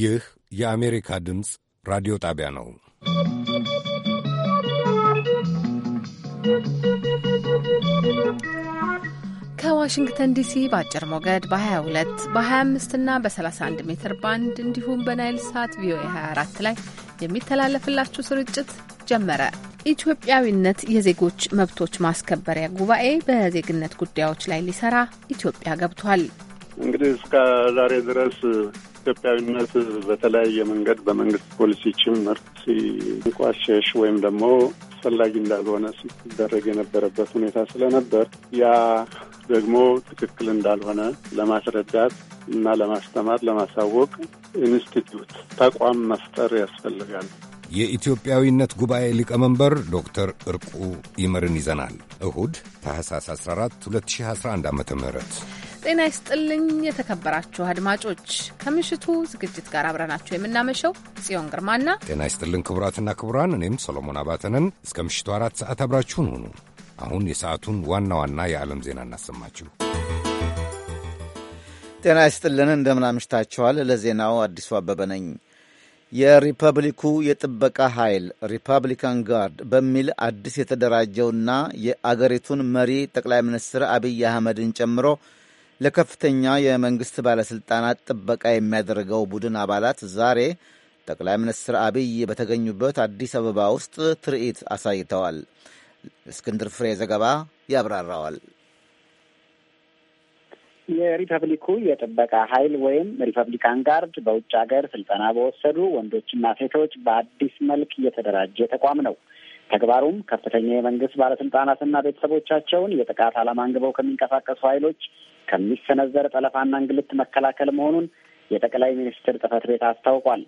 ይህ የአሜሪካ ድምፅ ራዲዮ ጣቢያ ነው። ከዋሽንግተን ዲሲ በአጭር ሞገድ በ22 በ25 እና በ31 ሜትር ባንድ እንዲሁም በናይል ሳት ቪኦኤ 24 ላይ የሚተላለፍላችሁ ስርጭት ጀመረ። ኢትዮጵያዊነት የዜጎች መብቶች ማስከበሪያ ጉባኤ በዜግነት ጉዳዮች ላይ ሊሰራ ኢትዮጵያ ገብቷል። እንግዲህ እስከ ዛሬ ድረስ ኢትዮጵያዊነት በተለያየ መንገድ በመንግስት ፖሊሲ ጭምር ሲንቋሸሽ ወይም ደግሞ አስፈላጊ እንዳልሆነ ሲደረግ የነበረበት ሁኔታ ስለነበር ያ ደግሞ ትክክል እንዳልሆነ ለማስረዳት እና ለማስተማር፣ ለማሳወቅ ኢንስቲትዩት ተቋም መፍጠር ያስፈልጋል። የኢትዮጵያዊነት ጉባኤ ሊቀመንበር ዶክተር እርቁ ይመርን ይዘናል። እሁድ ታህሳስ 14 2011 ዓ ም ጤና ይስጥልኝ የተከበራችሁ አድማጮች፣ ከምሽቱ ዝግጅት ጋር አብረናችሁ የምናመሸው ጽዮን ግርማና ጤና ይስጥልን ክቡራትና ክቡራን፣ እኔም ሰሎሞን አባተነን እስከ ምሽቱ አራት ሰዓት አብራችሁን ሁኑ። አሁን የሰዓቱን ዋና ዋና የዓለም ዜና እናሰማችሁ። ጤና ይስጥልን እንደምን አምሽታችኋል። ለዜናው አዲሱ አበበ ነኝ። የሪፐብሊኩ የጥበቃ ኃይል ሪፐብሊካን ጋርድ በሚል አዲስ የተደራጀውና የአገሪቱን መሪ ጠቅላይ ሚኒስትር አብይ አህመድን ጨምሮ ለከፍተኛ የመንግሥት ባለሥልጣናት ጥበቃ የሚያደርገው ቡድን አባላት ዛሬ ጠቅላይ ሚኒስትር አብይ በተገኙበት አዲስ አበባ ውስጥ ትርኢት አሳይተዋል። እስክንድር ፍሬ ዘገባ ያብራራዋል። የሪፐብሊኩ የጥበቃ ኃይል ወይም ሪፐብሊካን ጋርድ በውጭ ሀገር ስልጠና በወሰዱ ወንዶችና ሴቶች በአዲስ መልክ እየተደራጀ ተቋም ነው። ተግባሩም ከፍተኛ የመንግስት ባለስልጣናትና ቤተሰቦቻቸውን የጥቃት ዓላማ አንግበው ከሚንቀሳቀሱ ኃይሎች ከሚሰነዘር ጠለፋና እንግልት መከላከል መሆኑን የጠቅላይ ሚኒስትር ጽህፈት ቤት አስታውቋል።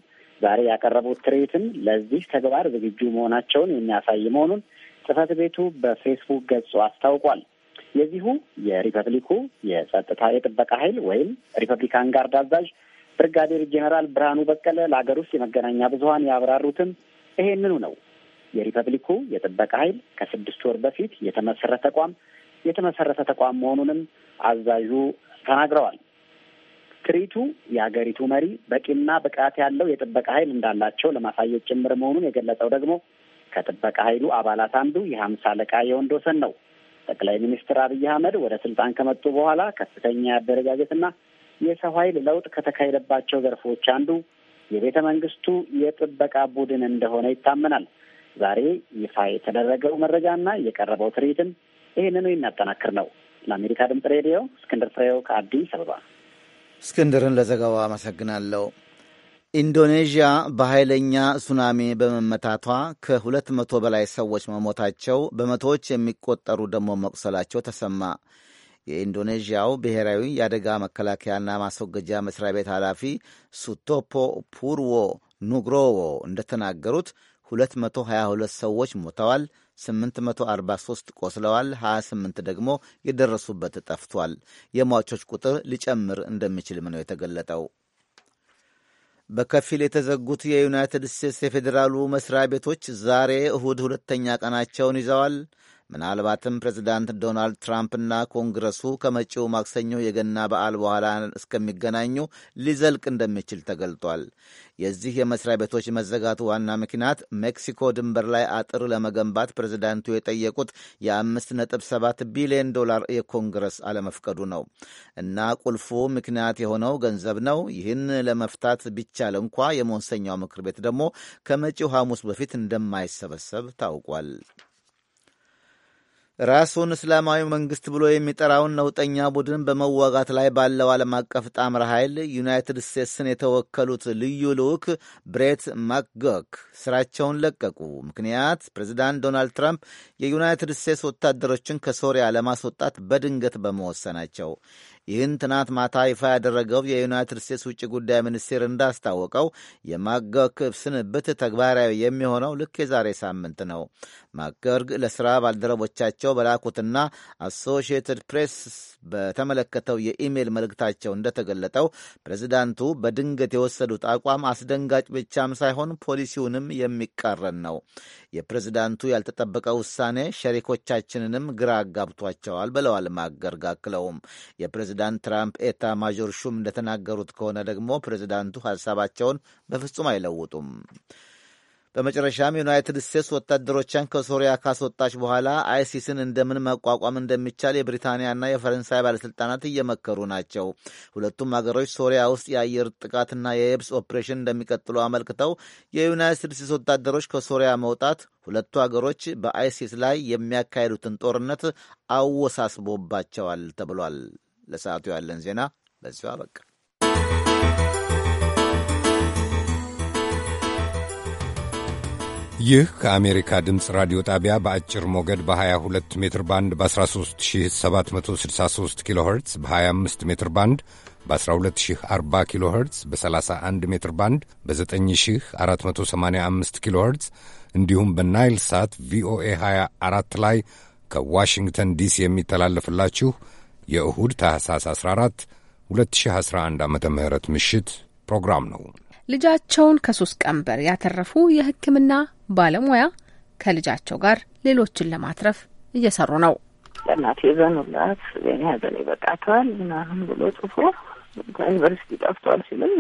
ዛሬ ያቀረቡት ትርኢትም ለዚህ ተግባር ዝግጁ መሆናቸውን የሚያሳይ መሆኑን ጽህፈት ቤቱ በፌስቡክ ገጹ አስታውቋል። የዚሁ የሪፐብሊኩ የጸጥታ የጥበቃ ኃይል ወይም ሪፐብሊካን ጋርድ አዛዥ ብርጋዴር ጄኔራል ብርሃኑ በቀለ ለሀገር ውስጥ የመገናኛ ብዙኃን ያብራሩትም ይሄንኑ ነው። የሪፐብሊኩ የጥበቃ ኃይል ከስድስት ወር በፊት የተመሰረተ ተቋም የተመሰረተ ተቋም መሆኑንም አዛዡ ተናግረዋል። ትርኢቱ የሀገሪቱ መሪ በቂና ብቃት ያለው የጥበቃ ኃይል እንዳላቸው ለማሳየት ጭምር መሆኑን የገለጸው ደግሞ ከጥበቃ ኃይሉ አባላት አንዱ የሀምሳ አለቃ ወሰን ነው። ጠቅላይ ሚኒስትር አብይ አህመድ ወደ ስልጣን ከመጡ በኋላ ከፍተኛ የአደረጃጀትና የሰው ኃይል ለውጥ ከተካሄደባቸው ዘርፎች አንዱ የቤተ መንግስቱ የጥበቃ ቡድን እንደሆነ ይታመናል። ዛሬ ይፋ የተደረገው መረጃና የቀረበው ትርኢትም ይህንኑ የሚያጠናክር ነው። ለአሜሪካ ድምጽ ሬዲዮ እስክንድር ፍሬው ከአዲስ አበባ። እስክንድርን ለዘገባው አመሰግናለሁ። ኢንዶኔዥያ በኃይለኛ ሱናሚ በመመታቷ ከሁለት መቶ በላይ ሰዎች መሞታቸው በመቶዎች የሚቆጠሩ ደግሞ መቁሰላቸው ተሰማ። የኢንዶኔዥያው ብሔራዊ የአደጋ መከላከያና ማስወገጃ መስሪያ ቤት ኃላፊ ሱቶፖ ፑርዎ ኑግሮዎ እንደተናገሩት 222 ሰዎች ሞተዋል፣ 843 ቆስለዋል፣ 28 ደግሞ የደረሱበት ጠፍቷል። የሟቾች ቁጥር ሊጨምር እንደሚችልም ነው የተገለጠው። በከፊል የተዘጉት የዩናይትድ ስቴትስ የፌዴራሉ መስሪያ ቤቶች ዛሬ እሁድ ሁለተኛ ቀናቸውን ይዘዋል። ምናልባትም ፕሬዚዳንት ዶናልድ ትራምፕና ኮንግረሱ ከመጪው ማክሰኞ የገና በዓል በኋላ እስከሚገናኙ ሊዘልቅ እንደሚችል ተገልጧል። የዚህ የመስሪያ ቤቶች መዘጋቱ ዋና ምክንያት ሜክሲኮ ድንበር ላይ አጥር ለመገንባት ፕሬዚዳንቱ የጠየቁት የ ነጥብ ቢሊዮን ዶላር የኮንግረስ አለመፍቀዱ ነው እና ቁልፉ ምክንያት የሆነው ገንዘብ ነው። ይህን ለመፍታት ቢቻል እንኳ የመወሰኛው ምክር ቤት ደግሞ ከመጪው ሐሙስ በፊት እንደማይሰበሰብ ታውቋል። ራሱን እስላማዊ መንግስት ብሎ የሚጠራውን ነውጠኛ ቡድን በመዋጋት ላይ ባለው ዓለም አቀፍ ጣምራ ኃይል ዩናይትድ ስቴትስን የተወከሉት ልዩ ልዑክ ብሬት ማክጎክ ስራቸውን ለቀቁ። ምክንያት ፕሬዚዳንት ዶናልድ ትራምፕ የዩናይትድ ስቴትስ ወታደሮችን ከሶሪያ ለማስወጣት በድንገት በመወሰናቸው። ይህን ትናንት ማታ ይፋ ያደረገው የዩናይትድ ስቴትስ ውጭ ጉዳይ ሚኒስቴር እንዳስታወቀው የማገርግ ስንብት ተግባራዊ የሚሆነው ልክ የዛሬ ሳምንት ነው። ማገርግ ለስራ ባልደረቦቻቸው በላኩትና አሶሺየትድ ፕሬስ በተመለከተው የኢሜይል መልእክታቸው እንደተገለጠው ፕሬዚዳንቱ በድንገት የወሰዱት አቋም አስደንጋጭ ብቻም ሳይሆን ፖሊሲውንም የሚቃረን ነው። የፕሬዝዳንቱ ያልተጠበቀ ውሳኔ ሸሪኮቻችንንም ግራ አጋብቷቸዋል ብለዋል ማገርግ። አክለውም የፕሬዝዳንት ትራምፕ ኤታ ማዦር ሹም እንደተናገሩት ከሆነ ደግሞ ፕሬዝዳንቱ ሀሳባቸውን በፍጹም አይለውጡም። በመጨረሻም ዩናይትድ ስቴትስ ወታደሮቿን ከሶሪያ ካስወጣች በኋላ አይሲስን እንደምን መቋቋም እንደሚቻል የብሪታንያና የፈረንሳይ ባለሥልጣናት እየመከሩ ናቸው። ሁለቱም ሀገሮች ሶሪያ ውስጥ የአየር ጥቃትና የየብስ ኦፕሬሽን እንደሚቀጥሉ አመልክተው የዩናይትድ ስቴትስ ወታደሮች ከሶሪያ መውጣት ሁለቱ ሀገሮች በአይሲስ ላይ የሚያካሂዱትን ጦርነት አወሳስቦባቸዋል ተብሏል። ለሰዓቱ ያለን ዜና በዚሁ አበቃ። ይህ ከአሜሪካ ድምፅ ራዲዮ ጣቢያ በአጭር ሞገድ በ22 ሜትር ባንድ በ13763 ኪሎ ኸርትዝ በ25 ሜትር ባንድ በ1240 ኪሎ ኸርትዝ በ31 ሜትር ባንድ በ9485 ኪሎ ኸርትዝ እንዲሁም በናይል ሳት ቪኦኤ 24 ላይ ከዋሽንግተን ዲሲ የሚተላለፍላችሁ የእሁድ ታህሳስ 14 2011 ዓ ም ምሽት ፕሮግራም ነው። ልጃቸውን ከሶስት ቀንበር ያተረፉ የሕክምና ባለሙያ ከልጃቸው ጋር ሌሎችን ለማትረፍ እየሰሩ ነው። ለእናቴ ዘኑላት የኔ ሀዘን ይበቃተዋል ምናምን ብሎ ጽፎ ከዩኒቨርሲቲ ጠፍቷል ሲልም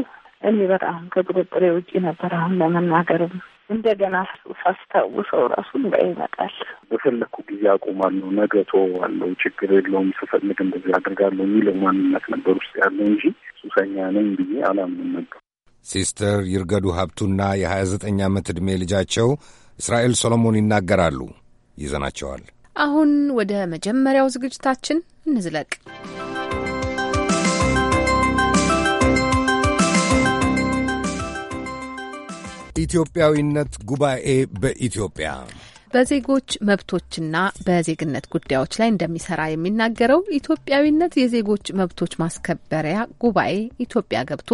እኔ በጣም ከቁጥጥሬ ውጪ ነበር። አሁን ለመናገርም እንደገና ሳስታውሰው ራሱ እንባ ይመጣል። በፈለግኩ ጊዜ አቁማለሁ፣ ነገ ተወዋለሁ፣ ችግር የለውም፣ ስፈልግ እንደዚህ አድርጋለሁ የሚለው ማንነት ነበር ውስጥ ያለው እንጂ ሱሰኛ ነኝ ብዬ አላምንም ነበር። ሲስተር ይርገዱ ሀብቱና የ29 ዓመት ዕድሜ ልጃቸው እስራኤል ሶሎሞን ይናገራሉ። ይዘናቸዋል። አሁን ወደ መጀመሪያው ዝግጅታችን እንዝለቅ። ኢትዮጵያዊነት ጉባኤ በኢትዮጵያ በዜጎች መብቶችና በዜግነት ጉዳዮች ላይ እንደሚሰራ የሚናገረው ኢትዮጵያዊነት የዜጎች መብቶች ማስከበሪያ ጉባኤ ኢትዮጵያ ገብቶ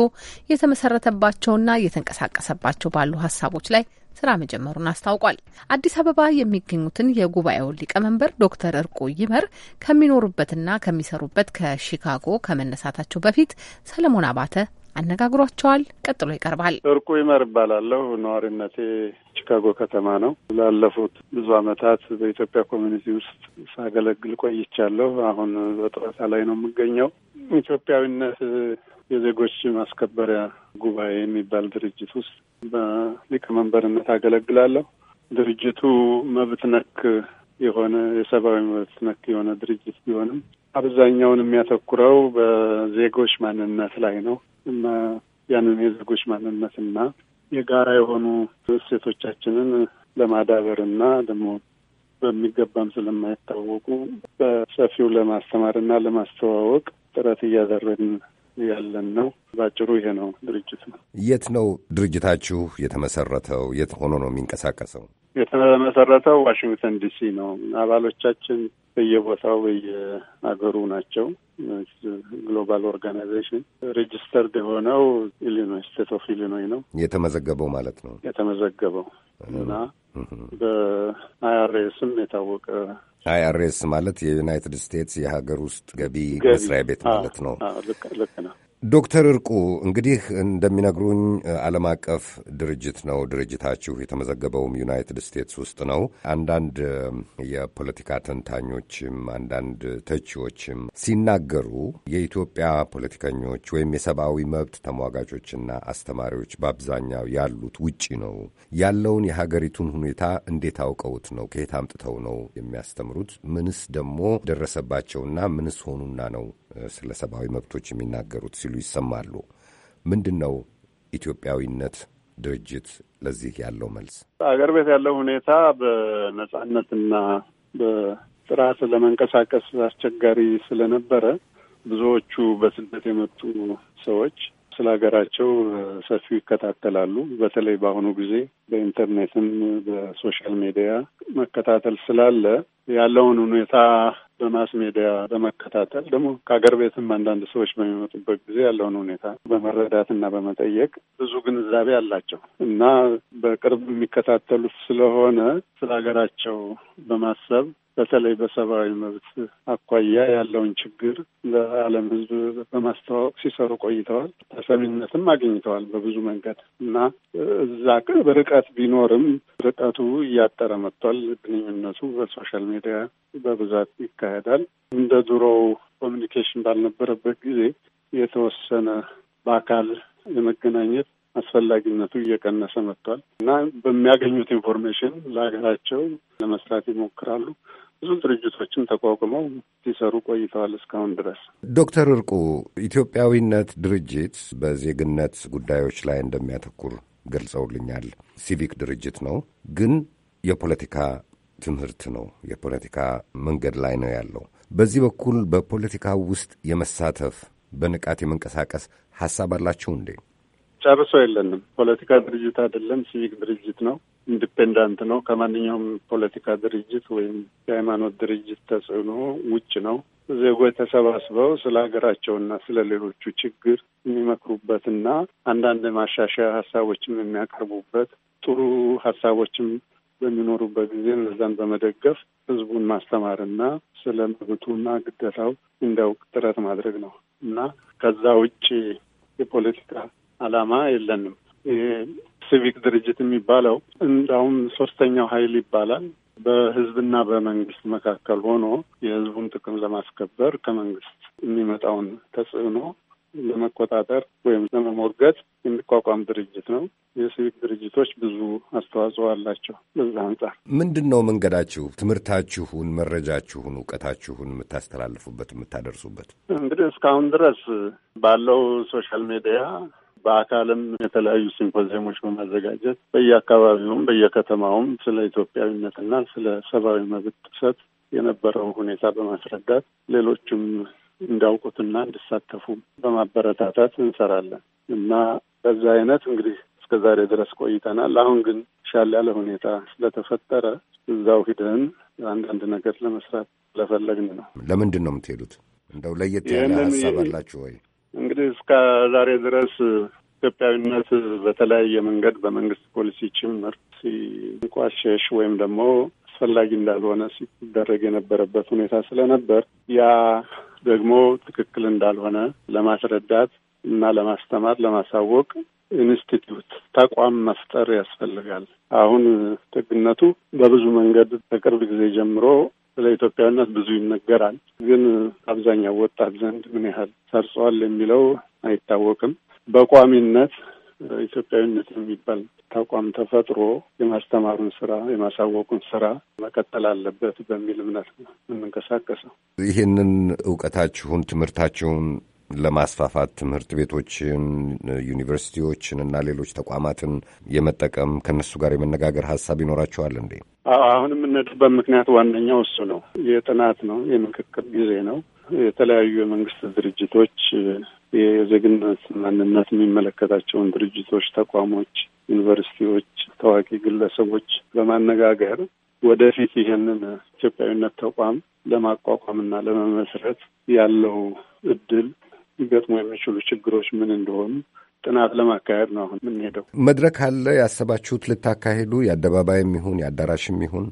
የተመሰረተባቸውና እየተንቀሳቀሰባቸው ባሉ ሀሳቦች ላይ ስራ መጀመሩን አስታውቋል። አዲስ አበባ የሚገኙትን የጉባኤውን ሊቀመንበር ዶክተር እርቁ ይመር ከሚኖሩበትና ከሚሰሩበት ከሺካጎ ከመነሳታቸው በፊት ሰለሞን አባተ አነጋግሯቸዋል። ቀጥሎ ይቀርባል። እርቁ ይመር እባላለሁ። ነዋሪነቴ ቺካጎ ከተማ ነው። ላለፉት ብዙ ዓመታት በኢትዮጵያ ኮሚኒቲ ውስጥ ሳገለግል ቆይቻለሁ። አሁን በጡረታ ላይ ነው የምገኘው። ኢትዮጵያዊነት የዜጎች ማስከበሪያ ጉባኤ የሚባል ድርጅት ውስጥ በሊቀመንበርነት አገለግላለሁ። ድርጅቱ መብት ነክ የሆነ የሰብአዊ መብት ነክ የሆነ ድርጅት ቢሆንም አብዛኛውን የሚያተኩረው በዜጎች ማንነት ላይ ነው። እና ያንን የዜጎች ማንነትና የጋራ የሆኑ እሴቶቻችንን እና ደግሞ በሚገባም ስለማይታወቁ በሰፊው ለማስተማርና ለማስተዋወቅ ጥረት እያደረግን ያለን ነው። በአጭሩ ይሄ ነው ድርጅት ነው። የት ነው ድርጅታችሁ የተመሰረተው? የት ሆኖ ነው የሚንቀሳቀሰው? የተመሰረተው ዋሽንግተን ዲሲ ነው። አባሎቻችን በየቦታው በየሀገሩ ናቸው። ግሎባል ኦርጋናይዜሽን ሬጅስተርድ የሆነው ኢሊኖይ ስቴት ኦፍ ኢሊኖይ ነው የተመዘገበው ማለት ነው የተመዘገበው እና በአይአርኤስም የታወቀ አይአርኤስ ማለት የዩናይትድ ስቴትስ የሀገር ውስጥ ገቢ መስሪያ ቤት ማለት ነው። ልክ ነው። ዶክተር እርቁ እንግዲህ እንደሚነግሩኝ ዓለም አቀፍ ድርጅት ነው ድርጅታችሁ። የተመዘገበውም ዩናይትድ ስቴትስ ውስጥ ነው። አንዳንድ የፖለቲካ ተንታኞችም አንዳንድ ተቺዎችም ሲናገሩ የኢትዮጵያ ፖለቲከኞች ወይም የሰብአዊ መብት ተሟጋቾችና አስተማሪዎች በአብዛኛው ያሉት ውጪ ነው። ያለውን የሀገሪቱን ሁኔታ እንዴት አውቀውት ነው? ከየት አምጥተው ነው የሚያስተምሩት? ምንስ ደግሞ ደረሰባቸውና ምንስ ሆኑና ነው ስለ ሰብአዊ መብቶች የሚናገሩት ሲሉ ይሰማሉ። ምንድን ነው ኢትዮጵያዊነት ድርጅት ለዚህ ያለው መልስ? አገር ቤት ያለው ሁኔታ በነጻነትና በጥራት ለመንቀሳቀስ አስቸጋሪ ስለነበረ ብዙዎቹ በስደት የመጡ ሰዎች ስለ ሀገራቸው ሰፊው ይከታተላሉ። በተለይ በአሁኑ ጊዜ በኢንተርኔትም በሶሻል ሚዲያ መከታተል ስላለ ያለውን ሁኔታ በማስ ሜዲያ በመከታተል ደግሞ ከሀገር ቤትም አንዳንድ ሰዎች በሚመጡበት ጊዜ ያለውን ሁኔታ በመረዳትና በመጠየቅ ብዙ ግንዛቤ አላቸው እና በቅርብ የሚከታተሉት ስለሆነ ስለ ሀገራቸው በማሰብ በተለይ በሰብአዊ መብት አኳያ ያለውን ችግር ለዓለም ሕዝብ በማስተዋወቅ ሲሰሩ ቆይተዋል። ተሰሚነትም አግኝተዋል በብዙ መንገድ እና እዛ በርቀት ቢኖርም ርቀቱ እያጠረ መጥቷል። ግንኙነቱ በሶሻል ሚዲያ በብዛት ይካሄዳል። እንደ ድሮው ኮሚኒኬሽን ባልነበረበት ጊዜ የተወሰነ በአካል የመገናኘት አስፈላጊነቱ እየቀነሰ መጥቷል እና በሚያገኙት ኢንፎርሜሽን ለሀገራቸው ለመስራት ይሞክራሉ። ብዙ ድርጅቶችን ተቋቁመው ሲሰሩ ቆይተዋል እስካሁን ድረስ። ዶክተር እርቁ ኢትዮጵያዊነት ድርጅት በዜግነት ጉዳዮች ላይ እንደሚያተኩር ገልጸውልኛል። ሲቪክ ድርጅት ነው፣ ግን የፖለቲካ ትምህርት ነው፣ የፖለቲካ መንገድ ላይ ነው ያለው። በዚህ በኩል በፖለቲካ ውስጥ የመሳተፍ በንቃት የመንቀሳቀስ ሀሳብ አላቸው እንዴ? ጨርሶ የለንም። ፖለቲካ ድርጅት አይደለም፣ ሲቪክ ድርጅት ነው። ኢንዲፔንዳንት ነው። ከማንኛውም ፖለቲካ ድርጅት ወይም የሃይማኖት ድርጅት ተጽዕኖ ውጭ ነው። ዜጎች ተሰባስበው ስለ ሀገራቸውና ስለ ሌሎቹ ችግር የሚመክሩበትና አንዳንድ ማሻሻያ ሀሳቦችም የሚያቀርቡበት ጥሩ ሀሳቦችም በሚኖሩበት ጊዜ እነዛን በመደገፍ ህዝቡን ማስተማርና ስለ መብቱና ግዴታው እንዲያውቅ ጥረት ማድረግ ነው እና ከዛ ውጭ የፖለቲካ አላማ የለንም። ሲቪክ ድርጅት የሚባለው እንዳውም ሶስተኛው ኃይል ይባላል። በህዝብና በመንግስት መካከል ሆኖ የህዝቡን ጥቅም ለማስከበር ከመንግስት የሚመጣውን ተጽዕኖ ለመቆጣጠር ወይም ለመሞገት የሚቋቋም ድርጅት ነው። የሲቪክ ድርጅቶች ብዙ አስተዋጽኦ አላቸው። በዛ አንጻር ምንድን ነው መንገዳችሁ? ትምህርታችሁን፣ መረጃችሁን፣ እውቀታችሁን የምታስተላልፉበት የምታደርሱበት? እንግዲህ እስካሁን ድረስ ባለው ሶሻል ሚዲያ በአካልም የተለያዩ ሲምፖዚየሞች በማዘጋጀት በየአካባቢውም በየከተማውም ስለ ኢትዮጵያዊነትና ስለ ሰብአዊ መብት ጥሰት የነበረው ሁኔታ በማስረዳት ሌሎችም እንዲያውቁትና እንዲሳተፉ በማበረታታት እንሰራለን እና በዛ አይነት እንግዲህ እስከዛሬ ድረስ ቆይተናል። አሁን ግን ሻል ያለ ሁኔታ ስለተፈጠረ እዛው ሂደን አንዳንድ ነገር ለመስራት ለፈለግን ነው። ለምንድን ነው የምትሄዱት? እንደው ለየት ያለ ሀሳብ አላችሁ ወይ? እንግዲህ እስከ ዛሬ ድረስ ኢትዮጵያዊነት በተለያየ መንገድ በመንግስት ፖሊሲ ጭምር ሲንቋሸሽ ወይም ደግሞ አስፈላጊ እንዳልሆነ ሲደረግ የነበረበት ሁኔታ ስለነበር ያ ደግሞ ትክክል እንዳልሆነ ለማስረዳት እና ለማስተማር ለማሳወቅ ኢንስቲትዩት ተቋም መፍጠር ያስፈልጋል። አሁን ጥግነቱ በብዙ መንገድ ከቅርብ ጊዜ ጀምሮ ስለ ኢትዮጵያዊነት ብዙ ይነገራል፣ ግን አብዛኛው ወጣት ዘንድ ምን ያህል ሰርጸዋል የሚለው አይታወቅም። በቋሚነት ኢትዮጵያዊነት የሚባል ተቋም ተፈጥሮ የማስተማሩን ስራ የማሳወቁን ስራ መቀጠል አለበት በሚል እምነት ነው የምንንቀሳቀሰው። ይህንን እውቀታችሁን ትምህርታችሁን ለማስፋፋት ትምህርት ቤቶችን፣ ዩኒቨርሲቲዎችን እና ሌሎች ተቋማትን የመጠቀም ከእነሱ ጋር የመነጋገር ሀሳብ ይኖራቸዋል እንዴ? አሁንም የምንሄድበት ምክንያት ዋነኛው እሱ ነው። የጥናት ነው፣ የምክክር ጊዜ ነው። የተለያዩ የመንግስት ድርጅቶች የዜግነት ማንነት የሚመለከታቸውን ድርጅቶች፣ ተቋሞች፣ ዩኒቨርሲቲዎች፣ ታዋቂ ግለሰቦች በማነጋገር ወደፊት ይህንን ኢትዮጵያዊነት ተቋም ለማቋቋምና ለመመስረት ያለው እድል ሊገጥሙ የሚችሉ ችግሮች ምን እንደሆኑ ጥናት ለማካሄድ ነው አሁን የምንሄደው። መድረክ አለ ያሰባችሁት ልታካሄዱ? የአደባባይም ይሁን የአዳራሽም ይሁን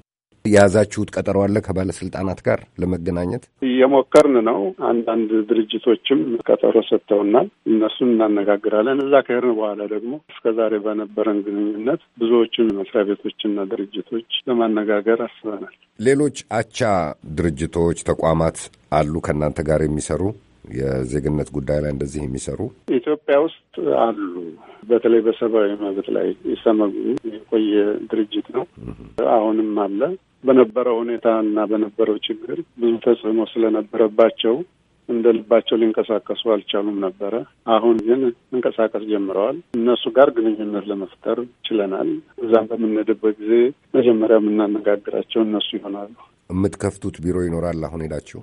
የያዛችሁት ቀጠሮ አለ ከባለስልጣናት ጋር ለመገናኘት? እየሞከርን ነው። አንዳንድ ድርጅቶችም ቀጠሮ ሰጥተውናል። እነሱን እናነጋግራለን። እዛ ከሄድን በኋላ ደግሞ እስከ ዛሬ በነበረን ግንኙነት ብዙዎችን መስሪያ ቤቶችና ድርጅቶች ለማነጋገር አስበናል። ሌሎች አቻ ድርጅቶች፣ ተቋማት አሉ ከእናንተ ጋር የሚሰሩ የዜግነት ጉዳይ ላይ እንደዚህ የሚሰሩ ኢትዮጵያ ውስጥ አሉ። በተለይ በሰብአዊ መብት ላይ የሰመጉ የቆየ ድርጅት ነው፣ አሁንም አለ። በነበረው ሁኔታ እና በነበረው ችግር ብዙ ተጽዕኖ ስለነበረባቸው እንደ ልባቸው ሊንቀሳቀሱ አልቻሉም ነበረ። አሁን ግን መንቀሳቀስ ጀምረዋል። እነሱ ጋር ግንኙነት ለመፍጠር ችለናል። እዛም በምንሄድበት ጊዜ መጀመሪያ የምናነጋግራቸው እነሱ ይሆናሉ። የምትከፍቱት ቢሮ ይኖራል? አሁን ሄዳችሁ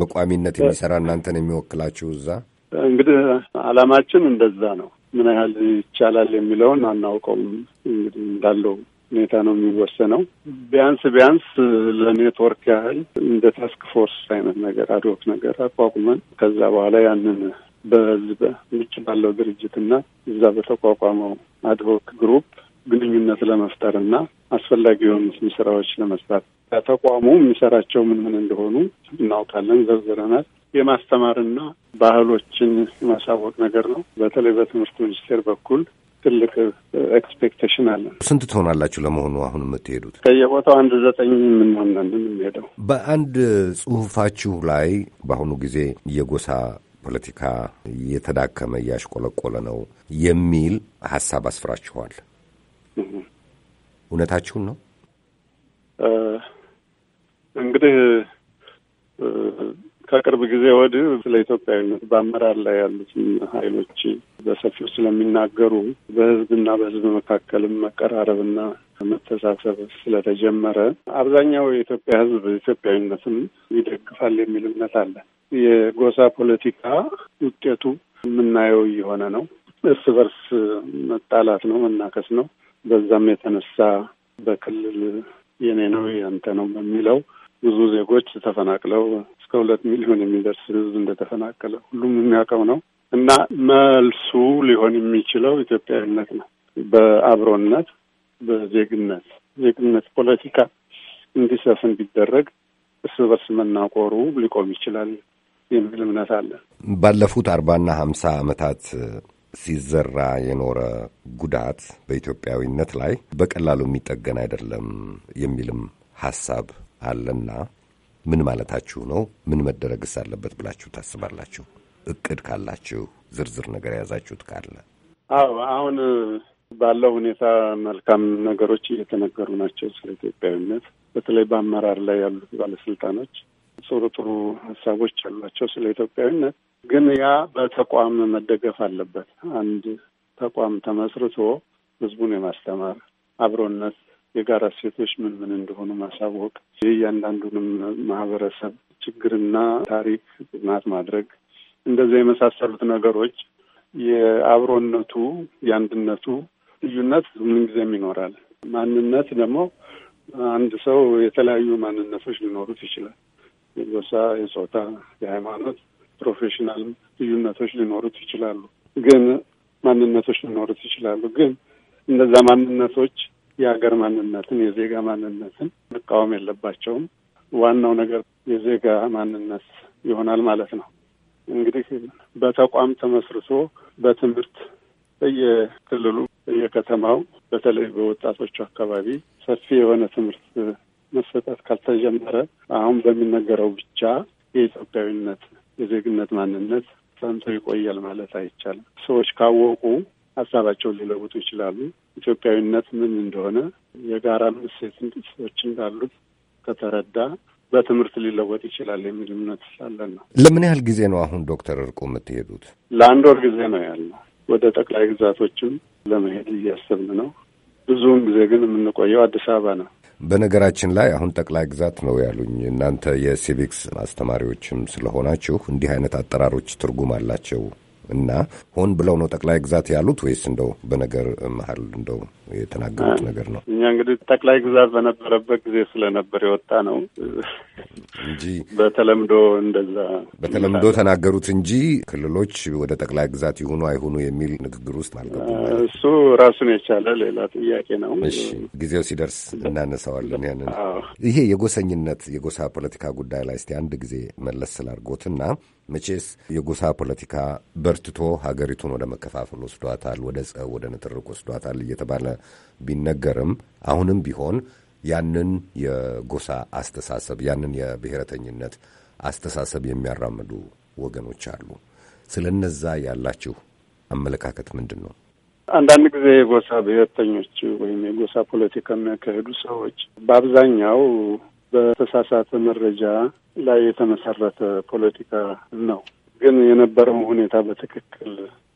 በቋሚነት የሚሰራ እናንተን የሚወክላችሁ እዛ እንግዲህ አላማችን እንደዛ ነው። ምን ያህል ይቻላል የሚለውን አናውቀውም። እንግዲህ እንዳለው ሁኔታ ነው የሚወሰነው። ቢያንስ ቢያንስ ለኔትወርክ ያህል እንደ ታስክ ፎርስ አይነት ነገር አድሮክ ነገር አቋቁመን ከዛ በኋላ ያንን በህዝብ ውጭ ባለው ድርጅትና እዛ በተቋቋመው አድሆክ ግሩፕ ግንኙነት ለመፍጠር እና አስፈላጊ የሆኑትን ስራዎች ለመስራት ተቋሙ የሚሰራቸው ምን ምን እንደሆኑ እናውቃለን፣ ዘርዝረናል። የማስተማርና ባህሎችን የማሳወቅ ነገር ነው። በተለይ በትምህርት ሚኒስቴር በኩል ትልቅ ኤክስፔክቴሽን አለን። ስንት ትሆናላችሁ ለመሆኑ አሁን የምትሄዱት? ከየቦታው አንድ ዘጠኝ የምንሆነን የምንሄደው። በአንድ ጽሁፋችሁ ላይ በአሁኑ ጊዜ የጎሳ ፖለቲካ እየተዳከመ እያሽቆለቆለ ነው የሚል ሀሳብ አስፍራችኋል። እውነታችሁን ነው። እንግዲህ ከቅርብ ጊዜ ወዲህ ስለ ኢትዮጵያዊነት በአመራር ላይ ያሉትን ኃይሎች በሰፊው ስለሚናገሩ በህዝብና በህዝብ መካከልም መቀራረብና መተሳሰብ ስለተጀመረ አብዛኛው የኢትዮጵያ ህዝብ ኢትዮጵያዊነትም ይደግፋል የሚል እምነት አለ። የጎሳ ፖለቲካ ውጤቱ የምናየው እየሆነ ነው። እርስ በርስ መጣላት ነው፣ መናከስ ነው። በዛም የተነሳ በክልል የኔ ነው ያንተ ነው በሚለው ብዙ ዜጎች ተፈናቅለው እስከ ሁለት ሚሊዮን የሚደርስ ህዝብ እንደተፈናቀለ ሁሉም የሚያውቀው ነው እና መልሱ ሊሆን የሚችለው ኢትዮጵያዊነት ነው። በአብሮነት፣ በዜግነት ዜግነት ፖለቲካ እንዲሰፍን ቢደረግ እርስ በርስ መናቆሩ ሊቆም ይችላል የሚል እምነት አለ። ባለፉት አርባና ሀምሳ ዓመታት ሲዘራ የኖረ ጉዳት በኢትዮጵያዊነት ላይ በቀላሉ የሚጠገን አይደለም የሚልም ሀሳብ አለና ምን ማለታችሁ ነው? ምን መደረግስ አለበት ብላችሁ ታስባላችሁ? እቅድ ካላችሁ ዝርዝር ነገር የያዛችሁት ካለ? አዎ አሁን ባለው ሁኔታ መልካም ነገሮች እየተነገሩ ናቸው ስለ ኢትዮጵያዊነት። በተለይ በአመራር ላይ ያሉት ባለስልጣኖች ጥሩ ጥሩ ሀሳቦች አሏቸው ስለ ኢትዮጵያዊነት ግን ያ በተቋም መደገፍ አለበት። አንድ ተቋም ተመስርቶ ህዝቡን የማስተማር አብሮነት፣ የጋራ እሴቶች ምን ምን እንደሆኑ ማሳወቅ፣ የእያንዳንዱንም ማህበረሰብ ችግርና ታሪክ ጥናት ማድረግ እንደዚያ የመሳሰሉት ነገሮች የአብሮነቱ የአንድነቱ ልዩነት ምንጊዜም ይኖራል። ማንነት ደግሞ አንድ ሰው የተለያዩ ማንነቶች ሊኖሩት ይችላል። የጎሳ፣ የጾታ፣ የሃይማኖት ፕሮፌሽናል ልዩነቶች ሊኖሩት ይችላሉ፣ ግን ማንነቶች ሊኖሩት ይችላሉ። ግን እነዛ ማንነቶች የሀገር ማንነትን የዜጋ ማንነትን መቃወም የለባቸውም። ዋናው ነገር የዜጋ ማንነት ይሆናል ማለት ነው። እንግዲህ በተቋም ተመስርቶ በትምህርት በየክልሉ በየከተማው በተለይ በወጣቶቹ አካባቢ ሰፊ የሆነ ትምህርት መሰጠት ካልተጀመረ አሁን በሚነገረው ብቻ የኢትዮጵያዊነት የዜግነት ማንነት ጸንቶ ይቆያል ማለት አይቻልም። ሰዎች ካወቁ ሀሳባቸውን ሊለውጡ ይችላሉ። ኢትዮጵያዊነት ምን እንደሆነ የጋራ እሴት ሰዎች እንዳሉት ከተረዳ በትምህርት ሊለወጥ ይችላል የሚል እምነት ስላለን ነው። ለምን ያህል ጊዜ ነው አሁን ዶክተር እርቁ የምትሄዱት? ለአንድ ወር ጊዜ ነው ያለ። ወደ ጠቅላይ ግዛቶችም ለመሄድ እያሰብን ነው። ብዙውን ጊዜ ግን የምንቆየው አዲስ አበባ ነው። በነገራችን ላይ አሁን ጠቅላይ ግዛት ነው ያሉኝ። እናንተ የሲቪክስ አስተማሪዎችም ስለሆናችሁ እንዲህ አይነት አጠራሮች ትርጉም አላቸው እና ሆን ብለው ነው ጠቅላይ ግዛት ያሉት ወይስ እንደው በነገር መሀል እንደው የተናገሩት ነገር ነው? እኛ እንግዲህ ጠቅላይ ግዛት በነበረበት ጊዜ ስለነበር የወጣ ነው እንጂ በተለምዶ እንደዛ በተለምዶ ተናገሩት እንጂ ክልሎች ወደ ጠቅላይ ግዛት ይሁኑ አይሁኑ የሚል ንግግር ውስጥ አልገቡም። እሱ ራሱን የቻለ ሌላ ጥያቄ ነው። እሺ ጊዜው ሲደርስ እናነሳዋለን። ያንን ይሄ የጎሰኝነት የጎሳ ፖለቲካ ጉዳይ ላይ እስቲ አንድ ጊዜ መለስ ስላርጎትና መቼስ የጎሳ ፖለቲካ በርትቶ ሀገሪቱን ወደ መከፋፈል ወስዷታል፣ ወደ ጸብ፣ ወደ ንትርቅ ወስዷታል እየተባለ ቢነገርም አሁንም ቢሆን ያንን የጎሳ አስተሳሰብ ያንን የብሔረተኝነት አስተሳሰብ የሚያራምዱ ወገኖች አሉ። ስለ እነዛ ያላችሁ አመለካከት ምንድን ነው? አንዳንድ ጊዜ የጎሳ ብሔርተኞች ወይም የጎሳ ፖለቲካ የሚያካሄዱ ሰዎች በአብዛኛው በተሳሳተ መረጃ ላይ የተመሰረተ ፖለቲካ ነው። ግን የነበረው ሁኔታ በትክክል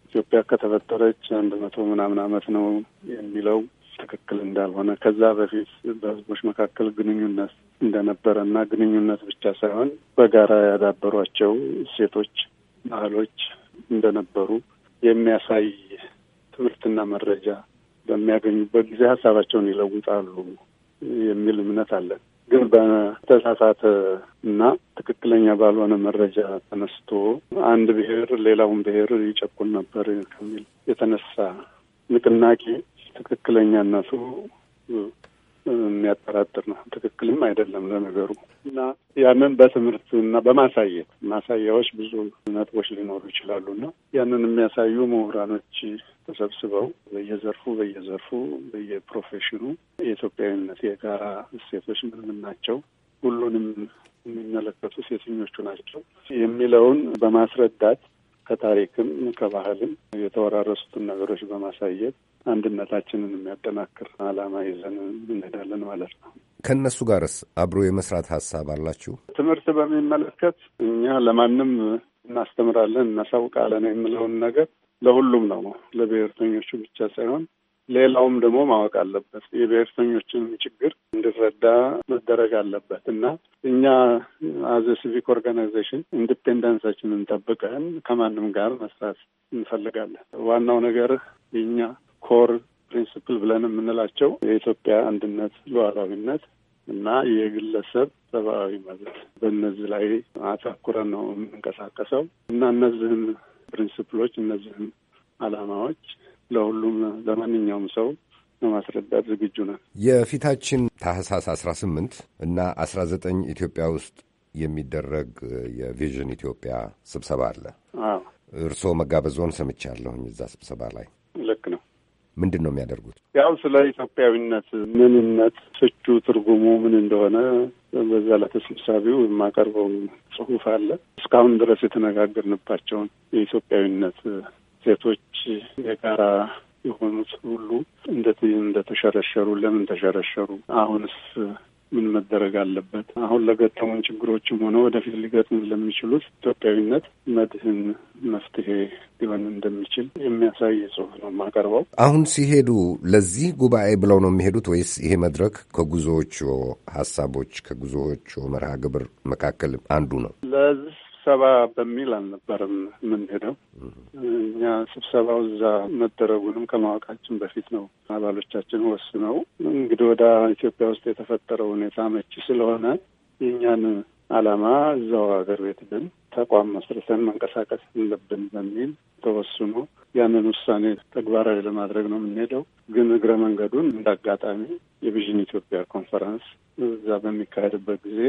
ኢትዮጵያ ከተፈጠረች አንድ መቶ ምናምን ዓመት ነው የሚለው ትክክል እንዳልሆነ ከዛ በፊት በህዝቦች መካከል ግንኙነት እንደነበረ እና ግንኙነት ብቻ ሳይሆን በጋራ ያዳበሯቸው እሴቶች፣ ባህሎች እንደነበሩ የሚያሳይ ትምህርትና መረጃ በሚያገኙበት ጊዜ ሀሳባቸውን ይለውጣሉ የሚል እምነት አለን። ግን በተሳሳተ እና ትክክለኛ ባልሆነ መረጃ ተነስቶ አንድ ብሔር ሌላውን ብሔር ይጨቁን ነበር ከሚል የተነሳ ንቅናቄ ትክክለኛነቱ የሚያጠራጥር ነው። ትክክልም አይደለም ለነገሩ እና ያንን በትምህርት እና በማሳየት ማሳያዎች ብዙ ነጥቦች ሊኖሩ ይችላሉ እና ያንን የሚያሳዩ ምሁራኖች ተሰብስበው በየዘርፉ በየዘርፉ በየፕሮፌሽኑ የኢትዮጵያዊነት የጋራ እሴቶች ምንም ናቸው፣ ሁሉንም የሚመለከቱ የትኞቹ ናቸው የሚለውን በማስረዳት ከታሪክም ከባህልም የተወራረሱትን ነገሮች በማሳየት አንድነታችንን የሚያጠናክር አላማ ይዘን እንሄዳለን ማለት ነው። ከእነሱ ጋርስ አብሮ የመስራት ሀሳብ አላችሁ? ትምህርት በሚመለከት እኛ ለማንም እናስተምራለን፣ እናሳውቃለን የምለውን ነገር ለሁሉም ነው። ለብሔርተኞቹ ብቻ ሳይሆን ሌላውም ደግሞ ማወቅ አለበት። የብሔርተኞችን ችግር እንዲረዳ መደረግ አለበት እና እኛ አዘ ሲቪክ ኦርጋናይዜሽን ኢንዲፔንደንሳችንን ጠብቀን ከማንም ጋር መስራት እንፈልጋለን። ዋናው ነገር የእኛ ኮር ፕሪንስፕል ብለን የምንላቸው የኢትዮጵያ አንድነት፣ ሉዓላዊነት እና የግለሰብ ሰብአዊ መብት በእነዚህ ላይ አተኩረን ነው የምንንቀሳቀሰው እና እነዚህን ፕሪንስፕሎች እነዚህን ዓላማዎች ለሁሉም ለማንኛውም ሰው ለማስረዳት ዝግጁ ነን። የፊታችን ታህሳስ አስራ ስምንት እና አስራ ዘጠኝ ኢትዮጵያ ውስጥ የሚደረግ የቪዥን ኢትዮጵያ ስብሰባ አለ። እርስዎ መጋበዝዎን ሰምቻለሁኝ እዛ ስብሰባ ላይ። ልክ ነው። ምንድን ነው የሚያደርጉት? ያው ስለ ኢትዮጵያዊነት ምንነት ስቹ ትርጉሙ ምን እንደሆነ በዛ ለተሰብሳቢው የማቀርበው ጽሁፍ አለ። እስካሁን ድረስ የተነጋገርንባቸውን የኢትዮጵያዊነት ሴቶች የጋራ የሆኑት ሁሉ እንደ እንደተሸረሸሩ ለምን ተሸረሸሩ አሁንስ ምን መደረግ አለበት? አሁን ለገጠሙን ችግሮችም ሆነ ወደፊት ሊገጥሙ ለሚችሉት ኢትዮጵያዊነት መድህን መፍትሄ ሊሆን እንደሚችል የሚያሳይ ጽሁፍ ነው የማቀርበው። አሁን ሲሄዱ ለዚህ ጉባኤ ብለው ነው የሚሄዱት ወይስ ይሄ መድረክ ከጉዞዎቹ ሀሳቦች ከጉዞዎቹ መርሃ ግብር መካከል አንዱ ነው? ለዚህ ስብሰባ በሚል አልነበረም የምንሄደው። እኛ ስብሰባው እዛ መደረጉንም ከማወቃችን በፊት ነው አባሎቻችን ወስነው እንግዲህ ወደ ኢትዮጵያ ውስጥ የተፈጠረው ሁኔታ መቺ ስለሆነ የእኛን ዓላማ እዛው ሀገር ቤት ግን ተቋም መስርተን መንቀሳቀስ አለብን በሚል ተወስኖ ያንን ውሳኔ ተግባራዊ ለማድረግ ነው የምንሄደው። ግን እግረ መንገዱን እንደ አጋጣሚ የቪዥን ኢትዮጵያ ኮንፈረንስ እዛ በሚካሄድበት ጊዜ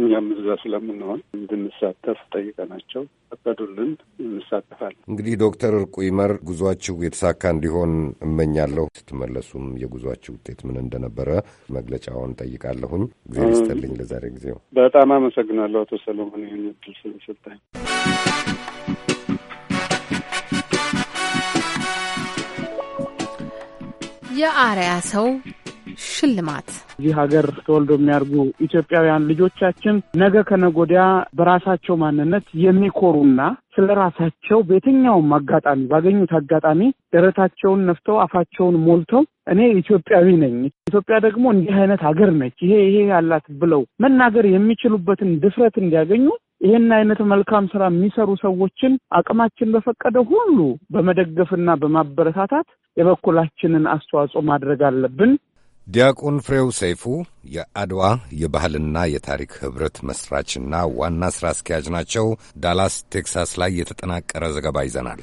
እኛም እዛ ስለምንሆን እንድንሳተፍ ጠይቀናቸው ፈቀዱልን። እንሳተፋለን። እንግዲህ ዶክተር እርቁ ይመር ጉዟችሁ የተሳካ እንዲሆን እመኛለሁ። ስትመለሱም የጉዟችሁ ውጤት ምን እንደነበረ መግለጫውን ጠይቃለሁኝ። እግዚአብሔር ይስጥልኝ። ለዛሬ ጊዜው በጣም አመሰግናለሁ አቶ ሰለሞን ይህን እድል ስለሰጠኝ። የአርያ ሰው ሽልማት እዚህ ሀገር ተወልዶ የሚያድጉ ኢትዮጵያውያን ልጆቻችን ነገ ከነጎዲያ በራሳቸው ማንነት የሚኮሩና ስለ ራሳቸው በየትኛውም አጋጣሚ ባገኙት አጋጣሚ ደረታቸውን ነፍተው አፋቸውን ሞልተው እኔ ኢትዮጵያዊ ነኝ፣ ኢትዮጵያ ደግሞ እንዲህ አይነት ሀገር ነች፣ ይሄ ይሄ ያላት ብለው መናገር የሚችሉበትን ድፍረት እንዲያገኙ ይህን አይነት መልካም ስራ የሚሰሩ ሰዎችን አቅማችን በፈቀደ ሁሉ በመደገፍና በማበረታታት የበኩላችንን አስተዋጽኦ ማድረግ አለብን። ዲያቆን ፍሬው ሰይፉ የአድዋ የባህልና የታሪክ ኅብረት መስራችና ዋና ሥራ አስኪያጅ ናቸው። ዳላስ ቴክሳስ ላይ የተጠናቀረ ዘገባ ይዘናል።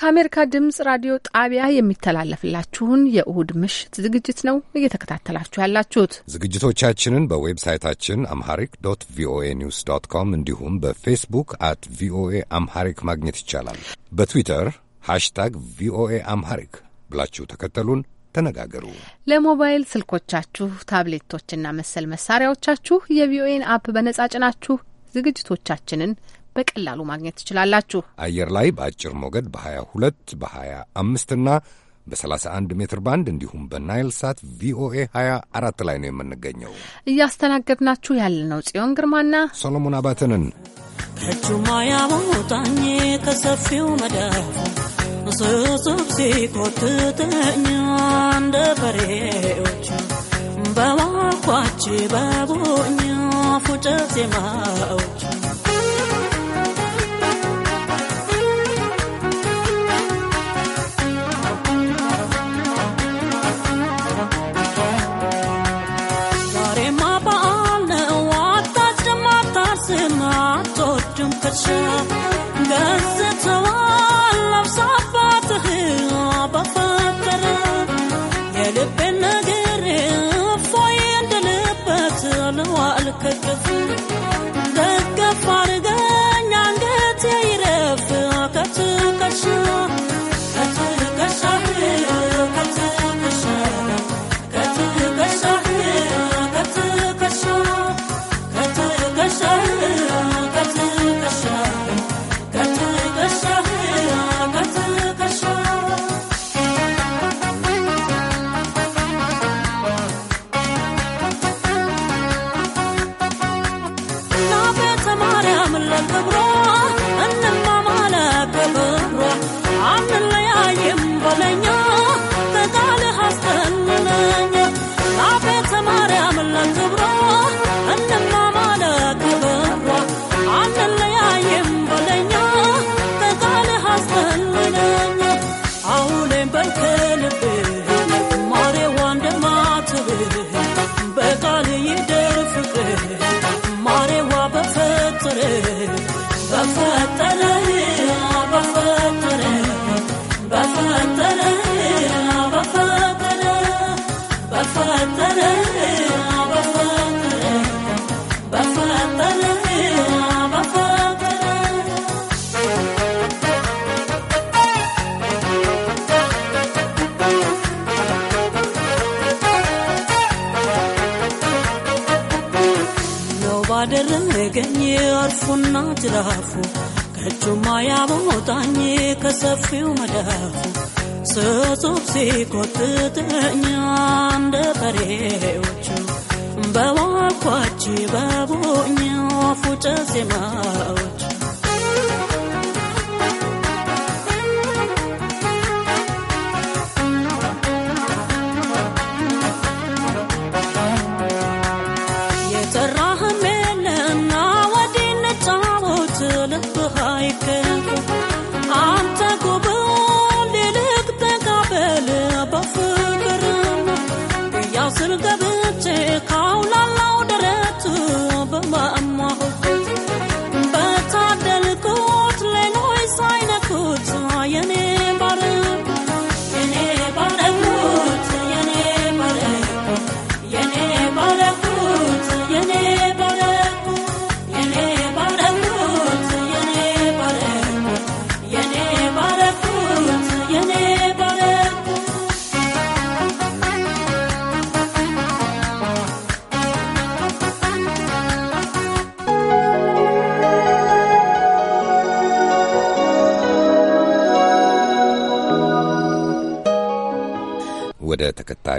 ከአሜሪካ ድምፅ ራዲዮ ጣቢያ የሚተላለፍላችሁን የእሁድ ምሽት ዝግጅት ነው እየተከታተላችሁ ያላችሁት። ዝግጅቶቻችንን በዌብሳይታችን አምሃሪክ ዶት ቪኦኤ ኒውስ ዶት ኮም እንዲሁም በፌስቡክ አት ቪኦኤ አምሃሪክ ማግኘት ይቻላል። በትዊተር ሃሽታግ ቪኦኤ አምሃሪክ ብላችሁ ተከተሉን ተነጋገሩ። ለሞባይል ስልኮቻችሁ ታብሌቶችና መሰል መሳሪያዎቻችሁ የቪኦኤን አፕ በነጻ ጭናችሁ ዝግጅቶቻችንን በቀላሉ ማግኘት ትችላላችሁ። አየር ላይ በአጭር ሞገድ በ22 በ25 እና በ31 ሜትር ባንድ እንዲሁም በናይል ሳት ቪኦኤ 24 ላይ ነው የምንገኘው። እያስተናገድናችሁ ያለነው ጽዮን ግርማና ሰሎሞን አባተንን ከጁማያ በሞጣኝ ከሰፊው መዳፍ ስሱብ ሲኮትተኝ እንደ በሬዎች በዋኳች በቦኛ ፉጨት ዜማዎች Shut ሲያስቆጥጠኛ እንደ በሬዎቹ በዋልኳች በቦኛ ፉጨ ዜማዎቹ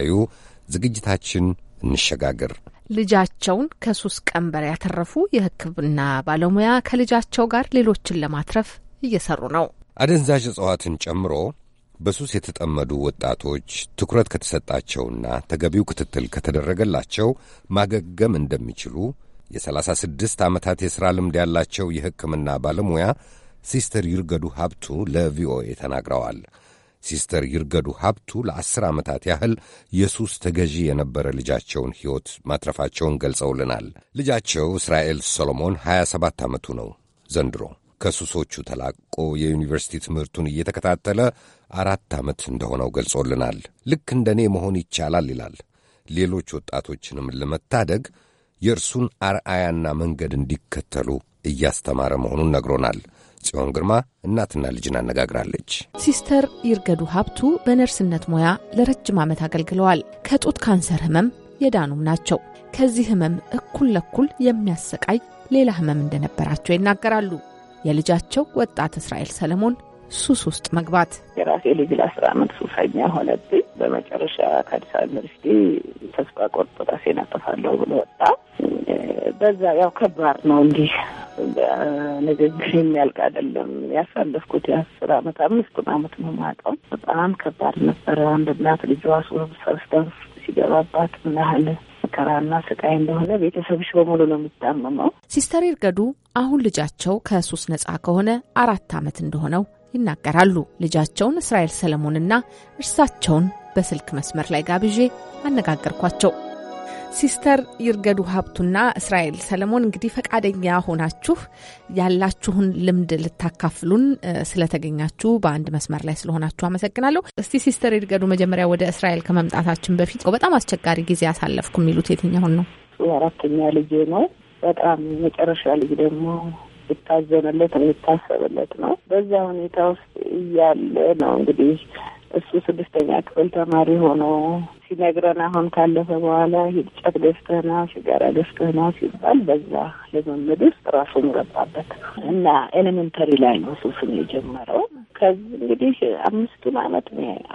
ተከታዩ ዝግጅታችን እንሸጋገር። ልጃቸውን ከሱስ ቀንበር ያተረፉ የሕክምና ባለሙያ ከልጃቸው ጋር ሌሎችን ለማትረፍ እየሰሩ ነው። አደንዛዥ እጽዋትን ጨምሮ በሱስ የተጠመዱ ወጣቶች ትኩረት ከተሰጣቸውና ተገቢው ክትትል ከተደረገላቸው ማገገም እንደሚችሉ የ36 ዓመታት የሥራ ልምድ ያላቸው የሕክምና ባለሙያ ሲስተር ይርገዱ ሀብቱ ለቪኦኤ ተናግረዋል። ሲስተር ይርገዱ ሀብቱ ለአስር ዓመታት ያህል የሱስ ተገዢ የነበረ ልጃቸውን ሕይወት ማትረፋቸውን ገልጸውልናል። ልጃቸው እስራኤል ሶሎሞን 27 ዓመቱ ነው ዘንድሮ። ከሱሶቹ ተላቆ የዩኒቨርሲቲ ትምህርቱን እየተከታተለ አራት ዓመት እንደሆነው ገልጾልናል። ልክ እንደ እኔ መሆን ይቻላል ይላል። ሌሎች ወጣቶችንም ለመታደግ የእርሱን አርአያና መንገድ እንዲከተሉ እያስተማረ መሆኑን ነግሮናል። ጽዮን ግርማ እናትና ልጅን አነጋግራለች። ሲስተር ይርገዱ ሀብቱ በነርስነት ሙያ ለረጅም ዓመት አገልግለዋል። ከጡት ካንሰር ህመም የዳኑም ናቸው። ከዚህ ህመም እኩል ለኩል የሚያሰቃይ ሌላ ህመም እንደነበራቸው ይናገራሉ። የልጃቸው ወጣት እስራኤል ሰለሞን ሱስ ውስጥ መግባት የራሴ ልጅ ለአስራ አመት ሱሰኛ ሆነብኝ። በመጨረሻ ከአዲስ ዩኒቨርሲቲ ተስፋ ቆርጦ ራሴን አጠፋለሁ ብሎ ወጣ። በዛ ያው ከባድ ነው እንዲህ ንግግር የሚያልቅ አይደለም። ያሳለፍኩት የአስር አመት አምስቱን አመት ነው የማውቀው። በጣም ከባድ ነበረ። አንድ እናት ልጇ ሰብስታንስ ሲገባባት ምን ያህል መከራና ስቃይ እንደሆነ ቤተሰብሽ በሙሉ ነው የሚታመመው። ሲስተር ይርገዱ አሁን ልጃቸው ከሱስ ነጻ ከሆነ አራት አመት እንደሆነው ይናገራሉ። ልጃቸውን እስራኤል ሰለሞንና እርሳቸውን በስልክ መስመር ላይ ጋብዤ አነጋገርኳቸው። ሲስተር ይርገዱ ሀብቱና እስራኤል ሰለሞን እንግዲህ ፈቃደኛ ሆናችሁ ያላችሁን ልምድ ልታካፍሉን ስለተገኛችሁ በአንድ መስመር ላይ ስለሆናችሁ አመሰግናለሁ። እስቲ ሲስተር ይርገዱ መጀመሪያ ወደ እስራኤል ከመምጣታችን በፊት በጣም አስቸጋሪ ጊዜ አሳለፍኩ የሚሉት የትኛውን ነው? አራተኛ ልጅ ነው። በጣም መጨረሻ ልጅ ደግሞ ይታዘንለት የሚታሰብለት ነው። በዛ ሁኔታ ውስጥ እያለ ነው እንግዲህ እሱ ስድስተኛ ክፍል ተማሪ ሆኖ ሲነግረን አሁን ካለፈ በኋላ ሂድጨት ገዝተህ ና፣ ሲጋራ ገዝተህ ሲባል በዛ ልምምድ ውስጥ ራሱን ገባበት እና ኤሌመንተሪ ላይ ነው ሱስን የጀመረው። ከዚህ እንግዲህ አምስቱን አመት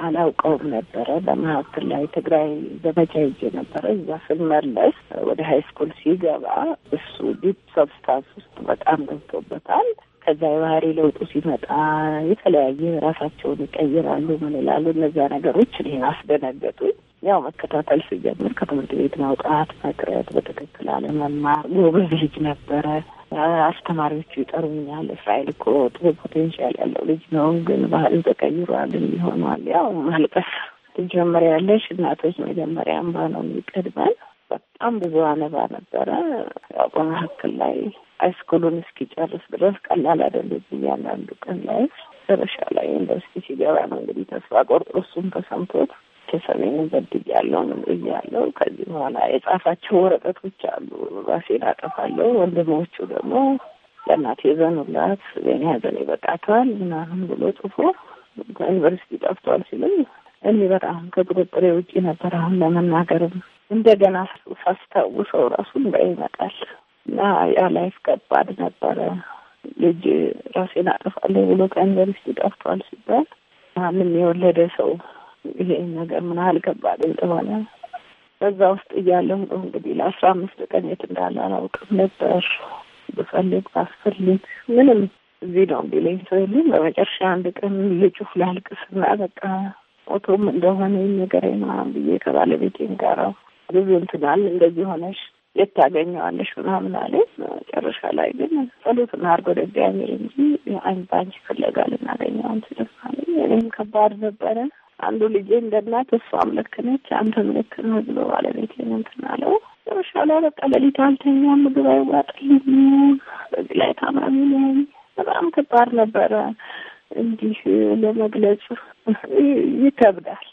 አላውቀውም ነበረ። በመካከል ላይ ትግራይ ዘመቻ ይዤ ነበረ። እዛ ስንመለስ ወደ ሀይ ስኩል ሲገባ እሱ ዲፕ ሰብስታንስ ውስጥ በጣም ገብቶበታል። ከዛ የባህሪ ለውጡ ሲመጣ የተለያየ ራሳቸውን ይቀይራሉ፣ ምን ይላሉ። እነዚያ ነገሮች እኔን አስደነገጡኝ። ያው መከታተል ስጀምር ከትምህርት ቤት መውጣት፣ መቅረት፣ በትክክል አለመማር። ጎበዝ ልጅ ነበረ። አስተማሪዎቹ ይጠሩኛል። እስራኤል እኮ ጥሩ ፖቴንሻል ያለው ልጅ ነው፣ ግን ባህሪው ተቀይሯል እንዲሆኗል። ያው ማልቀስ ትጀምሪያለሽ። እናቶች መጀመሪያ እንባ ነው የሚቀድመን በጣም ብዙ አነባ ነበረ። ያው በመካከል ላይ ሃይስኩሉን እስኪጨርስ ድረስ ቀላል አይደለብኝ። እያንዳንዱ ቀን ላይ መጨረሻ ላይ ዩኒቨርሲቲ ሲገባ ነው እንግዲህ ተስፋ ቆርጦ እሱም ተሰምቶት ከሰሜን ያለው ምን ያለው ከዚህ በኋላ የጻፋቸው ወረቀቶች አሉ ራሴን አጠፋለሁ። ወንድሞቹ ደግሞ ለእናቴ ዘኑላት የኔ ሀዘን ይበቃተዋል ምናምን ብሎ ጽፎ ከዩኒቨርሲቲ ጠፍቷል ሲልም እኔ በጣም ከቁጥጥሬ ውጭ ነበር አሁን ለመናገርም እንደገና ሳስታውሰው ራሱን እንባ ይመጣል እና ያ ላይፍ ከባድ ነበረ። ልጅ ራሴን አጠፋለሁ ብሎ ከዩኒቨርሲቲ ጠፍቷል ሲባል ምናምን የወለደ ሰው ይሄ ነገር ምን ያህል ከባድ እንደሆነ በዛ ውስጥ እያለሁ ነው እንግዲህ ለአስራ አምስት ቀን የት እንዳለ አላውቅም ነበር። ብፈልግ ባስፈልግ ምንም እዚህ ነው ቢለኝ ሰው የለም። በመጨረሻ አንድ ቀን ልጩ ላልቅስና በቃ ሞቶም እንደሆነ ነገር ምናምን ብዬ ከባለቤቴም ጋር ብዙ እንትን እንደዚህ ሆነሽ የት ታገኘዋለሽ ምናምን አለ። መጨረሻ ላይ ግን ጸሎት እናድርግ ወደ እግዚአብሔር እንጂ አንቺ ፍለጋ ልናገኘው አንችልም አለ። እኔም ከባድ ነበረ። አንዱ ልጄ እንደ እናት እሷም ልክ ነች፣ አንተም ልክ ነህ ብሎ ባለቤት እንትን አለው። መጨረሻ ላይ በቃ ሌሊት አልተኛም፣ ምግብ አይዋጥልኝ፣ በዚህ ላይ ታማሚ ነኝ። በጣም ከባድ ነበረ እንዲህ ለመግለጽ ይከብዳል።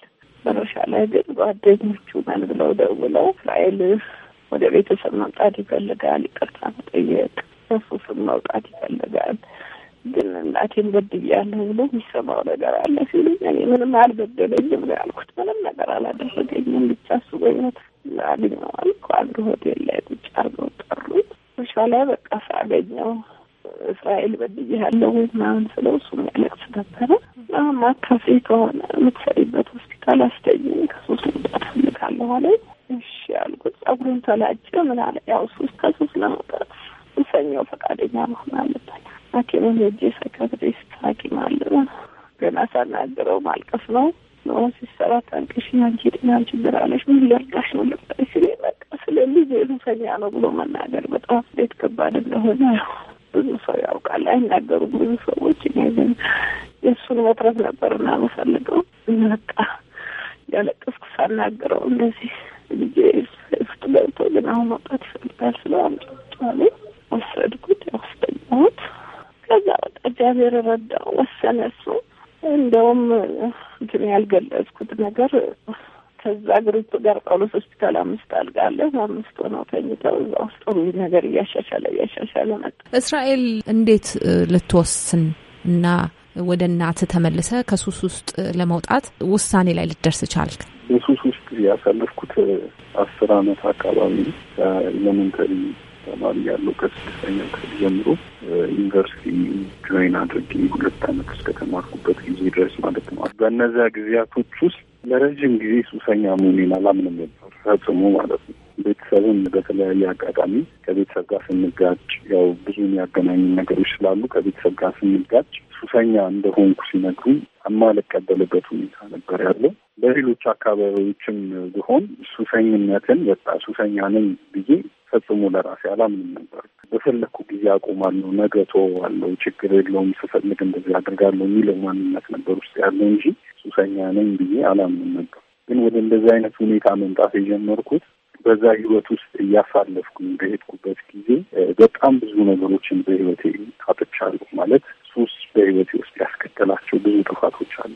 ግን ጓደኞቹ ምን ብለው ደውለው እስራኤል ወደ ቤተሰብ መምጣት ይፈልጋል፣ ይቅርታ መጠየቅ ከሱስም መውጣት ይፈልጋል፣ ግን እናቴን በድያለሁ ብሎ የሚሰማው ነገር አለ ሲሉኝ እኔ ምንም አልበደለኝም ነው ያልኩት። ምንም ነገር አላደረገኝም፣ ብቻ እሱ በሕይወት ላግኘዋል። አንድ ሆቴል ላይ ቁጭ አርገው ጠሩት። ሻ ላይ በቃ ሳገኘው እስራኤል በድያለሁ ምናምን ስለው እሱም ያለቅስ ነበረ። ማካፌ ከሆነ የምትሰሪበት ተነስተኝም ከሶስት መውጣት ፈልጋለሁ አለኝ። እሺ ያልኩት ጸጉሩን ተላጭ ምናለ ያው ሶስት ከሶስት ለመውጣት ሰኛው ፈቃደኛ መሆን አለበት። ሐኪሙን ሄጄ ሳይካትሪስት ሐኪም አለ ገና ሳናገረው ማልቀስ ነው ነው ሲሰራ ጠንቅሽ አንቺ ጤና ችግር አለሽ ምን ለቃሽ ነው ለቃሽ ስለ በቃ ስለ ልጅ ሱሰኛ ነው ብሎ መናገር በጣም እንዴት ከባድ እንደሆነ ብዙ ሰው ያውቃል። አይናገሩም ብዙ ሰዎች። እኔ ግን የእሱን መትረፍ ነበርና መፈልገው በቃ ያለቀስኩ ሳናገረው እንደዚህ ልጄ ውስጥ ገብቶ ግን አሁን መውጣት ይፈልጋል ስለ አምጫጫለ ወሰድኩት፣ ያውስጠኛሁት ከዛ በቃ እግዚአብሔር ረዳው ወሰነ። እሱ እንደውም ግን ያልገለጽኩት ነገር ከዛ ግሩፕ ጋር ጳውሎስ ሆስፒታል አምስት አልጋ አለ። አምስት ሆነው ተኝተው እዛ ውስጥ ሁሉ ነገር እያሻሻለ እያሻሻለ መጣ። እስራኤል እንዴት ልትወስን እና ወደ እናት ተመልሰ ከሱስ ውስጥ ለመውጣት ውሳኔ ላይ ልደርስ ቻልክ? በሱስ ውስጥ ያሳለፍኩት አስር አመት አካባቢ ኤሌመንተሪ ተማሪ ያለው ከስድስተኛ ክፍል ጀምሮ ዩኒቨርሲቲ ጆይን አድርጌ ሁለት አመት እስከተማርኩበት ጊዜ ድረስ ማለት ነው። በእነዚያ ጊዜያቶች ውስጥ ለረዥም ጊዜ ሱሰኛ መሆኔን አላምንም ነበር ፈጽሞ ማለት ነው። ቤተሰብን በተለያየ አጋጣሚ ከቤተሰብ ጋር ስንጋጭ ያው ብዙ የሚያገናኙ ነገሮች ስላሉ ከቤተሰብ ጋር ስንጋጭ ሱሰኛ እንደሆንኩ ሲነግሩ የማልቀበልበት ሁኔታ ነበር ያለው። በሌሎች አካባቢዎችም ቢሆን ሱሰኝነትን በቃ ሱሰኛ ነኝ ብዬ ፈጽሞ ለራሴ አላምንም ነበር። በፈለግኩ ጊዜ አቆማለሁ፣ ነገ እተወዋለሁ፣ ችግር የለውም፣ ስፈልግ እንደዚህ አድርጋለሁ የሚለው ማንነት ነበር ውስጥ ያለው እንጂ ሱሰኛ ነኝ ብዬ አላምንም ነበር። ግን ወደ እንደዚህ አይነት ሁኔታ መምጣት የጀመርኩት በዛ ህይወት ውስጥ እያሳለፍኩኝ በሄድኩበት ጊዜ በጣም ብዙ ነገሮችን በህይወቴ አጥቻለሁ። ማለት ሱስ በህይወቴ ውስጥ ያስከተላቸው ብዙ ጥፋቶች አሉ።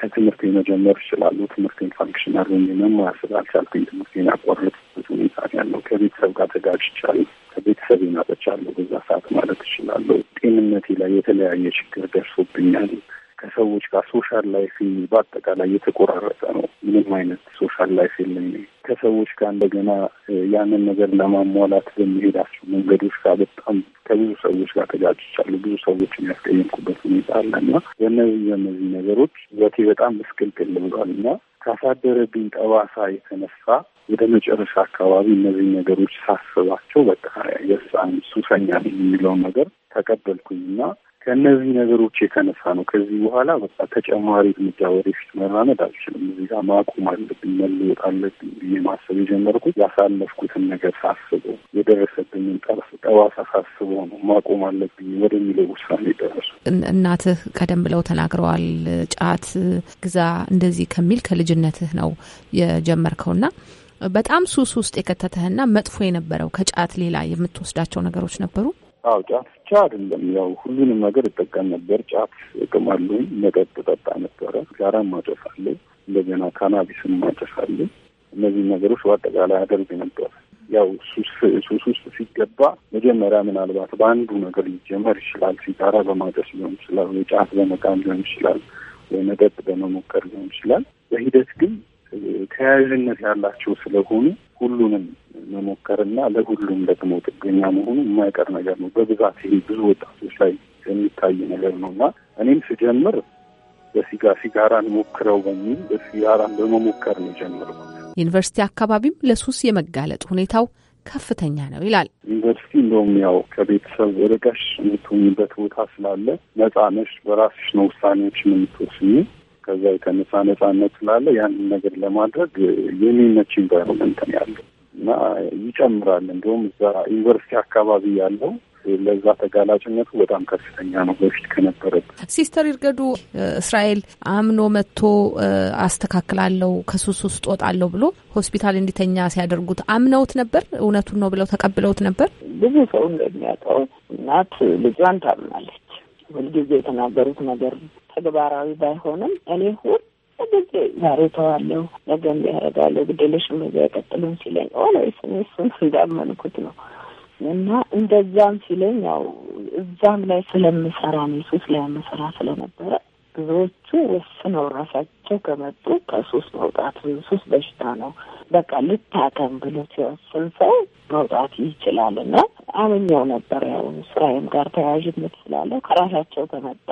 ከትምህርቴ መጀመር እችላለሁ። ትምህርቴን ፋንክሽናል ሆኜ መማር ስላልቻልኩኝ ትምህርቴን ያቋረጥኩበት ሁኔታ ያለው፣ ከቤተሰብ ጋር ተጋጭቻለሁ። ከቤተሰብ አጥቻለሁ። በዛ ሰዓት ማለት እችላለሁ። ጤንነቴ ላይ የተለያየ ችግር ደርሶብኛል። ከሰዎች ጋር ሶሻል ላይፍ በአጠቃላይ የተቆራረጠ ነው። ምንም አይነት ሶሻል ላይፍ የለኝም። ከሰዎች ጋር እንደገና ያንን ነገር ለማሟላት በሚሄዳቸው መንገዶች ጋር በጣም ከብዙ ሰዎች ጋር ተጋጭቻለሁ። ብዙ ሰዎች የሚያስቀየምኩበት ሁኔታ አለ እና በእነዚህ በእነዚህ ነገሮች ሕይወቴ በጣም ምስቅልቅል ብሏል እና ካሳደረብኝ ጠባሳ የተነሳ ወደ መጨረሻ አካባቢ እነዚህ ነገሮች ሳስባቸው በቃ የሳን ሱሰኛ የሚለውን ነገር ተቀበልኩኝና ከእነዚህ ነገሮች የተነሳ ነው ከዚህ በኋላ በቃ ተጨማሪ እርምጃ ወደፊት መራመድ አልችልም፣ እዚህ ጋር ማቆም አለብኝ፣ መለወጥ አለብኝ ብዬ ማሰብ የጀመርኩት ያሳለፍኩትን ነገር ሳስበው የደረሰብኝን ጠባሳ ሳስበው ነው ማቆም አለብኝ ወደሚለው ውሳኔ ደረሱ። እናትህ ቀደም ብለው ተናግረዋል። ጫት ግዛ እንደዚህ ከሚል ከልጅነትህ ነው የጀመርከውና በጣም ሱስ ውስጥ የከተተህና መጥፎ የነበረው ከጫት ሌላ የምትወስዳቸው ነገሮች ነበሩ? አው ጫት ብቻ አይደለም፣ ያው ሁሉንም ነገር እጠቀም ነበር። ጫት እቅማለኝ፣ መጠጥ ጠጣ ነበረ፣ ጋራም ማጨሳለሁ፣ እንደገና ካናቢስም ማጨሳለሁ። እነዚህ ነገሮች በአጠቃላይ አደርግ ነበር። ያው ሱስ ውስጥ ሲገባ መጀመሪያ ምናልባት በአንዱ ነገር ሊጀመር ይችላል። ሲጋራ በማጨስ ሊሆን ይችላል፣ ወይ ጫት በመቃም ሊሆን ይችላል፣ ወይ መጠጥ በመሞከር ሊሆን ይችላል። በሂደት ግን ተያያዥነት ያላቸው ስለሆኑ ሁሉንም መሞከርና ለሁሉም ደግሞ ጥገኛ መሆኑ የማይቀር ነገር ነው። በብዛት ይሄ ብዙ ወጣቶች ላይ የሚታይ ነገር ነው እና እኔም ስጀምር በሲጋ ሲጋራን ሞክረው በሚል በሲጋራን በመሞከር ነው ጀምር። ዩኒቨርሲቲ አካባቢም ለሱስ የመጋለጥ ሁኔታው ከፍተኛ ነው ይላል። ዩኒቨርሲቲ እንደውም ያው ከቤተሰብ ርቀሽ የምትሆኝበት ቦታ ስላለ ነፃ ነሽ፣ በራስሽ ነው ውሳኔዎች የምትወስኙ። ከዛ የተነሳ ነጻነት ስላለ ያንን ነገር ለማድረግ የሚመች ኢንቫይሮመንት ነው ያለው እና ይጨምራል። እንዲሁም እዛ ዩኒቨርሲቲ አካባቢ ያለው ለዛ ተጋላጭነቱ በጣም ከፍተኛ ነው በፊት ከነበረበት። ሲስተር ይርገዱ እስራኤል አምኖ መጥቶ አስተካክላለሁ ከሱስ ውስጥ ወጣለሁ ብሎ ሆስፒታል እንዲተኛ ሲያደርጉት አምነውት ነበር። እውነቱን ነው ብለው ተቀብለውት ነበር። ብዙ ሰው እንደሚያውቀው እናት ልጇን ታምናለች። ሁልጊዜ የተናገሩት ነገር ተግባራዊ ባይሆንም እኔ ሁል ጊዜ ዛሬ ተዋለሁ ነገ እንዲያደርጋለሁ ግዴለሽ እንደዚ አይቀጥልም ሲለኝ ኦልዌይስ እሱን እንዳመንኩት ነው እና እንደዛም ሲለኝ ያው እዛም ላይ ስለምሰራ ነው ሱስ ላይ መሰራ ስለነበረ ብዙዎቹ ወስነው ራሳቸው ከመጡ ከሱስ መውጣት ሱስ በሽታ ነው፣ በቃ ልታከም ብሎ ሲወስን ሰው መውጣት ይችላል እና አምኛው ነበር። ያው ስራዬም ጋር ተያያዥነት ስላለው ከራሳቸው ከመጣ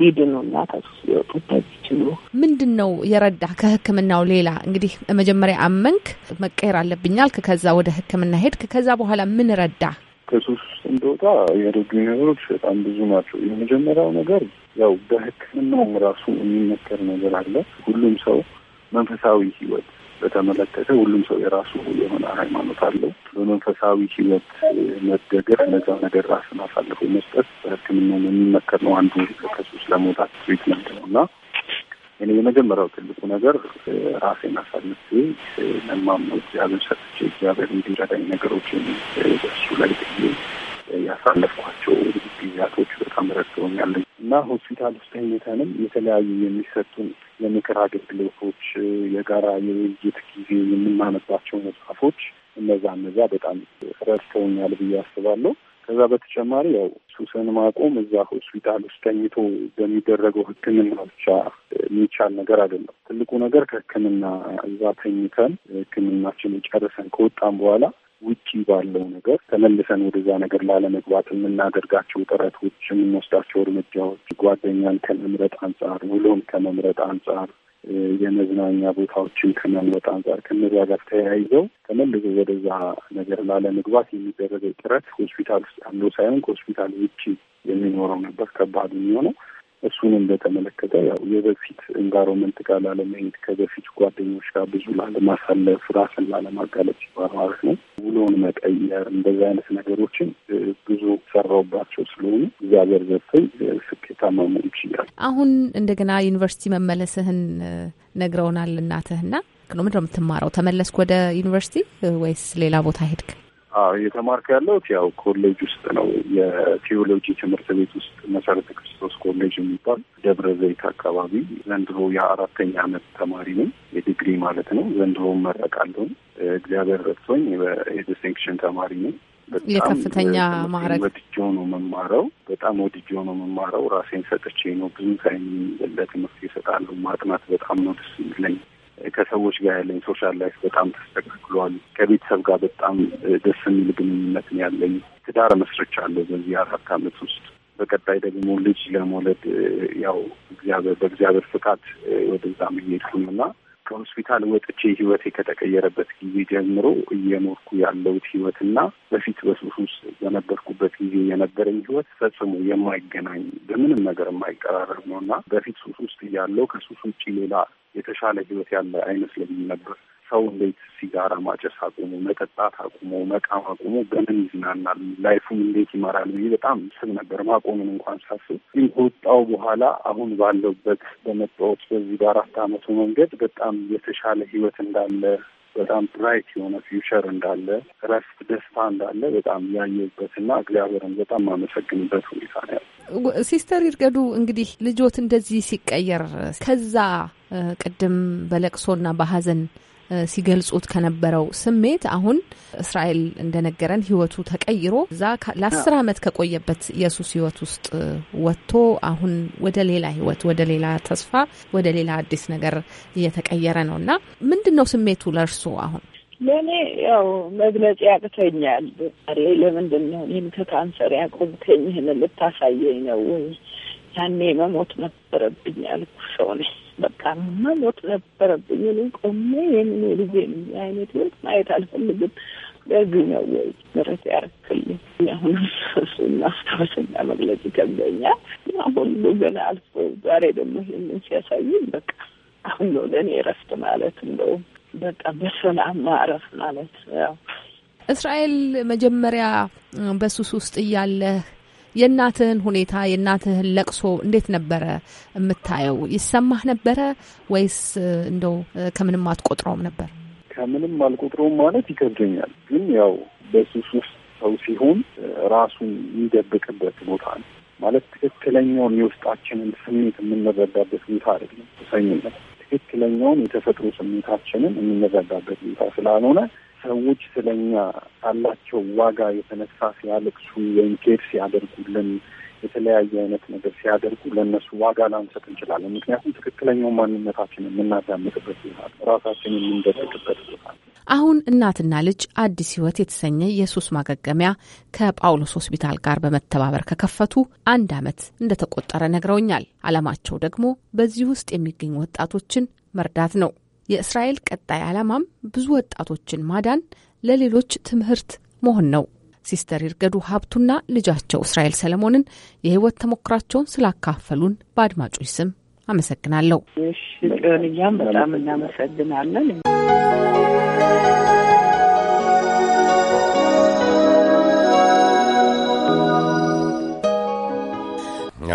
ሊድኑና ከሱስ ሊወጡበት ይችሉ። ምንድን ነው የረዳ ከህክምናው ሌላ እንግዲህ መጀመሪያ አመንክ መቀየር አለብኛል፣ ከዛ ወደ ህክምና ሄድክ። ከዛ በኋላ ምን ረዳ? ከሱስ እንደወጣ የረዱ ነገሮች በጣም ብዙ ናቸው። የመጀመሪያው ነገር ያው በህክምናውም ራሱ የሚመከር ነገር አለ። ሁሉም ሰው መንፈሳዊ ህይወት በተመለከተ ሁሉም ሰው የራሱ የሆነ ሃይማኖት አለው። በመንፈሳዊ ህይወት መደገፍ፣ ለዛ ነገር ራስን አሳልፎ መስጠት በህክምና የሚመከር ነው። አንዱ ከሱስ ለመውጣት ትሪትመንት ነው እና እኔ የመጀመሪያው ትልቁ ነገር ራሴን አሳልፌ ለማምነው እግዚአብሔር ሰጥቼ እግዚአብሔር እንዲረዳኝ ነገሮችን በሱ ላይ ጥዬ ያሳለፍኳቸው ጊዜያቶች በጣም ረድተውኛል እና ሆስፒታል ውስጥ ሁኔታንም የተለያዩ የሚሰጡን የምክር አገልግሎቶች፣ የጋራ የውይይት ጊዜ የምናነባቸው መጽሐፎች እነዛ እነዛ በጣም ረድተውኛል ብዬ አስባለሁ። ከዛ በተጨማሪ ያው ሱሰን ማቆም እዛ ሆስፒታል ውስጥ ተኝቶ በሚደረገው ሕክምና ብቻ የሚቻል ነገር አይደለም። ትልቁ ነገር ከሕክምና እዛ ተኝተን ሕክምናችን ጨርሰን ከወጣን በኋላ ውጪ ባለው ነገር ተመልሰን ወደዛ ነገር ላለመግባት የምናደርጋቸው ጥረቶች፣ የምንወስዳቸው እርምጃዎች ጓደኛን ከመምረጥ አንጻር፣ ውሎን ከመምረጥ አንጻር፣ የመዝናኛ ቦታዎችን ከመምረጥ አንጻር ከነዛ ጋር ተያይዘው ተመልሶ ወደዛ ነገር ላለመግባት የሚደረገው ጥረት ሆስፒታል ውስጥ ያለው ሳይሆን ከሆስፒታል ውጪ የሚኖረው ነበር ከባድ የሚሆነው። እሱንም በተመለከተ ያው የበፊት ኤንቫይሮንመንት ጋር ላለመሄድ ከበፊት ጓደኞች ጋር ብዙ ላለማሳለፍ ራስን ላለማጋለጥ ሲባል ማለት ነው። ውሎን መቀየር እንደዚህ አይነት ነገሮችን ብዙ ሰራውባቸው ስለሆኑ እግዚአብሔር ዘርፈኝ ስኬታማ መሆን ይችላል። አሁን እንደገና ዩኒቨርሲቲ መመለስህን ነግረውናል እናትህና ምንድን ነው የምትማረው? ተመለስክ ወደ ዩኒቨርሲቲ ወይስ ሌላ ቦታ ሄድክ? አዎ እየተማርክ ያለሁት ያው ኮሌጅ ውስጥ ነው። የቴዎሎጂ ትምህርት ቤት ውስጥ መሰረተ ክርስቶስ ኮሌጅ የሚባል ደብረ ዘይት አካባቢ። ዘንድሮ የአራተኛ ዓመት ተማሪ ነው፣ የዲግሪ ማለት ነው። ዘንድሮ መረቃለሁ። እግዚአብሔር ረድቶኝ የዲስቲንክሽን ተማሪ ነው። የከፍተኛ ማዕረግ ወድጆ ነው መማረው። በጣም ወድጆ ነው መማረው። ራሴን ሰጥቼ ነው ብዙ ታይም ለትምህርት ይሰጣለሁ። ማጥናት በጣም ነው ደስ የሚለኝ። ከሰዎች ጋር ያለኝ ሶሻል ላይፍ በጣም ተስተካክሏል። ከቤተሰብ ጋር በጣም ደስ የሚል ግንኙነት ያለኝ፣ ትዳር መስርቻለሁ በዚህ አራት ዓመት ውስጥ። በቀጣይ ደግሞ ልጅ ለመውለድ ያው እግዚአብሔር በእግዚአብሔር ፍቃድ ወደዛ መሄድኩም እና ከሆስፒታል ወጥቼ ህይወቴ ከተቀየረበት ጊዜ ጀምሮ እየኖርኩ ያለሁት ህይወትና በፊት በሱስ ውስጥ በነበርኩበት ጊዜ የነበረኝ ህይወት ፈጽሞ የማይገናኝ በምንም ነገር የማይቀራረብ ነው እና በፊት ሱስ ውስጥ እያለሁ ከሱስ ውጭ ሌላ የተሻለ ህይወት ያለ አይመስለኝም ነበር። ሰው እንዴት ሲጋራ ማጨስ አቁሞ፣ መጠጣት አቁሞ፣ መቃም አቁሞ በምን ይዝናናል፣ ላይፉም እንዴት ይመራል ብዬ በጣም ስብ ነበር። ማቆምን እንኳን ሳስብ ግን ከወጣው በኋላ አሁን ባለውበት በመጣሁት በዚህ በአራት አመቱ መንገድ በጣም የተሻለ ህይወት እንዳለ በጣም ብራይት የሆነ ፊውቸር እንዳለ፣ እረፍት፣ ደስታ እንዳለ በጣም ያየሁበትና እግዚአብሔርን በጣም ማመሰግንበት ሁኔታ ነው ያለው። ሲስተር ይርገዱ እንግዲህ ልጆት እንደዚህ ሲቀየር ከዛ ቅድም በለቅሶና በሀዘን ሲገልጹት ከነበረው ስሜት አሁን እስራኤል እንደነገረን ህይወቱ ተቀይሮ እዛ ለአስር አመት ከቆየበት የሱስ ህይወት ውስጥ ወጥቶ አሁን ወደ ሌላ ህይወት፣ ወደ ሌላ ተስፋ፣ ወደ ሌላ አዲስ ነገር እየተቀየረ ነው እና ምንድን ነው ስሜቱ ለእርሱ አሁን? ለእኔ ያው መግለጽ ያቅተኛል። ዛሬ ለምንድን ነው እኔም ከካንሰር ያቆምከኝህን ልታሳየኝ ነው ወይ? ያኔ መሞት ነበረብኝ አልኩ ሰው ነኝ። በቃ መሞት ነበረብኝ። እኔ ቆሜ የምን ልዜ አይነት ህይወት ማየት አልፈልግም። ለዚህ ነው ወይ ምረት ያርክልኝ። አሁን እሱን ማስታወስና መግለጽ ይከብደኛል። ሁሉ ገና አልፎ ዛሬ ደግሞ ይህንን ሲያሳይም በቃ አሁን ነው ለእኔ እረፍት ማለት እንደውም በቃ በሰላም ማረፍ ማለት ያው እስራኤል መጀመሪያ በሱስ ውስጥ እያለህ የእናትህን ሁኔታ የእናትህን ለቅሶ እንዴት ነበረ የምታየው? ይሰማህ ነበረ ወይስ እንደው ከምንም አትቆጥረውም ነበር? ከምንም አልቆጥረውም ማለት ይከብደኛል። ግን ያው በሱስ ውስጥ ሰው ሲሆን ራሱን የሚደብቅበት ቦታ ነው ማለት ትክክለኛውን የውስጣችንን ስሜት የምንረዳበት ሁኔታ አይደለም። ሰኝነት ትክክለኛውን የተፈጥሮ ስሜታችንን የምንረዳበት ቦታ ስላልሆነ ሰዎች ስለኛ ካላቸው ዋጋ የተነሳ ሲያለቅሱ ወይም ኬር ሲያደርጉልን የተለያየ አይነት ነገር ሲያደርጉ ለእነሱ ዋጋ ላንሰጥ እንችላለን። ምክንያቱም ትክክለኛው ማንነታችን የምናዳምጥበት ቦታ ራሳችን የምንደረግበት ቦታ። አሁን እናትና ልጅ አዲስ ህይወት የተሰኘ የሱስ ማገገሚያ ከጳውሎስ ሆስፒታል ጋር በመተባበር ከከፈቱ አንድ ዓመት እንደተቆጠረ ነግረውኛል። አለማቸው ደግሞ በዚህ ውስጥ የሚገኙ ወጣቶችን መርዳት ነው። የእስራኤል ቀጣይ ዓላማም ብዙ ወጣቶችን ማዳን፣ ለሌሎች ትምህርት መሆን ነው። ሲስተር ይርገዱ ሀብቱና ልጃቸው እስራኤል ሰለሞንን የህይወት ተሞክራቸውን ስላካፈሉን በአድማጮች ስም አመሰግናለሁ። እሺ ቅንያም በጣም እናመሰግናለን።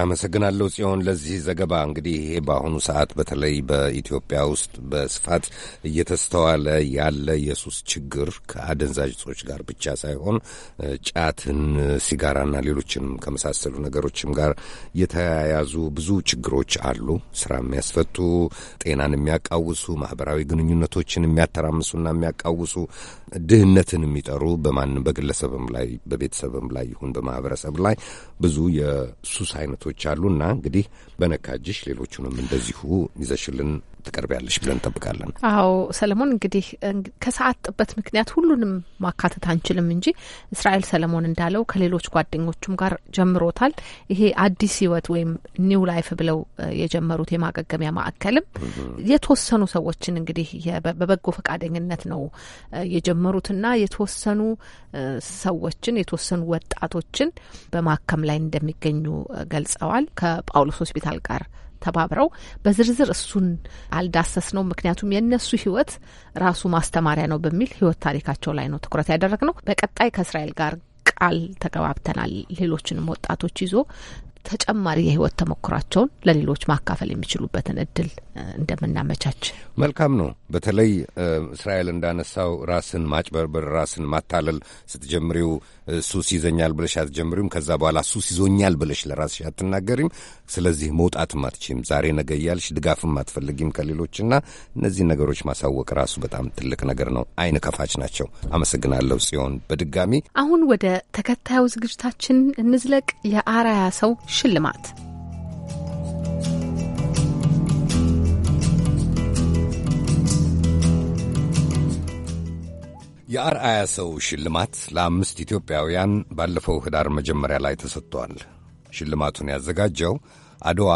አመሰግናለሁ ጽዮን ለዚህ ዘገባ። እንግዲህ ይሄ በአሁኑ ሰዓት በተለይ በኢትዮጵያ ውስጥ በስፋት እየተስተዋለ ያለ የሱስ ችግር ከአደንዛዥ እጾች ጋር ብቻ ሳይሆን ጫትን፣ ሲጋራና ሌሎችንም ከመሳሰሉ ነገሮችም ጋር የተያያዙ ብዙ ችግሮች አሉ። ስራ የሚያስፈቱ፣ ጤናን የሚያቃውሱ፣ ማህበራዊ ግንኙነቶችን የሚያተራምሱና የሚያቃውሱ፣ ድህነትን የሚጠሩ በማንም በግለሰብም ላይ በቤተሰብም ላይ ይሁን በማህበረሰብ ላይ ብዙ የሱስ አይነቶች ዝግጅቶች አሉና እንግዲህ በነካጅሽ ሌሎቹንም እንደዚሁ ይዘሽልን ትቀርቢያለሽ ብለን እንጠብቃለን። አዎ ሰለሞን፣ እንግዲህ ከሰዓት ጥበት ምክንያት ሁሉንም ማካተት አንችልም እንጂ እስራኤል ሰለሞን እንዳለው ከሌሎች ጓደኞቹም ጋር ጀምሮታል። ይሄ አዲስ ህይወት ወይም ኒው ላይፍ ብለው የጀመሩት የማገገሚያ ማዕከልም የተወሰኑ ሰዎችን እንግዲህ በበጎ ፈቃደኝነት ነው የጀመሩትና የተወሰኑ ሰዎችን የተወሰኑ ወጣቶችን በማከም ላይ እንደሚገኙ ገል ገልጸዋል። ከጳውሎስ ሆስፒታል ጋር ተባብረው በዝርዝር እሱን አልዳሰስ ነው ምክንያቱም የእነሱ ህይወት ራሱ ማስተማሪያ ነው በሚል ህይወት ታሪካቸው ላይ ነው ትኩረት ያደረግ ነው። በቀጣይ ከእስራኤል ጋር ቃል ተገባብተናል። ሌሎችንም ወጣቶች ይዞ ተጨማሪ የህይወት ተሞክሯቸውን ለሌሎች ማካፈል የሚችሉበትን እድል እንደምናመቻች መልካም ነው። በተለይ እስራኤል እንዳነሳው ራስን ማጭበርበር፣ ራስን ማታለል ስትጀምሪው ሱስ ይዘኛል ብለሽ አትጀምሪም። ከዛ በኋላ ሱስ ይዞኛል ብለሽ ለራስሽ አትናገሪም። ስለዚህ መውጣትም አትችም፣ ዛሬ ነገ እያልሽ ድጋፍም አትፈልጊም ከሌሎችና እነዚህ ነገሮች ማሳወቅ ራሱ በጣም ትልቅ ነገር ነው። አይን ከፋች ናቸው። አመሰግናለሁ ጽዮን። በድጋሚ አሁን ወደ ተከታዩ ዝግጅታችን እንዝለቅ። የአራያ ሰው ሽልማት የአርአያ ሰው ሽልማት ለአምስት ኢትዮጵያውያን ባለፈው ህዳር መጀመሪያ ላይ ተሰጥቷል። ሽልማቱን ያዘጋጀው አድዋ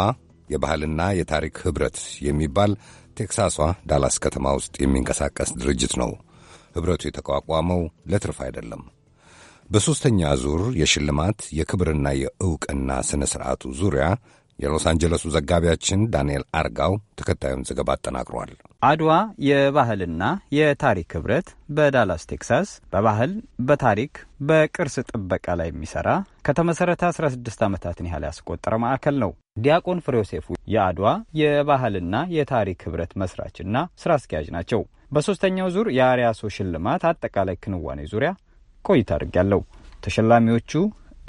የባህልና የታሪክ ኅብረት የሚባል ቴክሳሷ ዳላስ ከተማ ውስጥ የሚንቀሳቀስ ድርጅት ነው። ኅብረቱ የተቋቋመው ለትርፍ አይደለም። በሦስተኛ ዙር የሽልማት የክብርና የዕውቅና ሥነ ሥርዓቱ ዙሪያ የሎስ አንጀለሱ ዘጋቢያችን ዳንኤል አርጋው ተከታዩን ዘገባ አጠናቅሯል። አድዋ የባህልና የታሪክ ህብረት በዳላስ ቴክሳስ በባህል በታሪክ በቅርስ ጥበቃ ላይ የሚሰራ ከተመሠረተ 16 ዓመታትን ያህል ያስቆጠረ ማዕከል ነው። ዲያቆን ፍሬዮሴፉ የአድዋ የባህልና የታሪክ ህብረት መስራችና ስራ አስኪያጅ ናቸው። በሦስተኛው ዙር የአርያሶ ሽልማት አጠቃላይ ክንዋኔ ዙሪያ ቆይታ አድርጌያለሁ። ተሸላሚዎቹ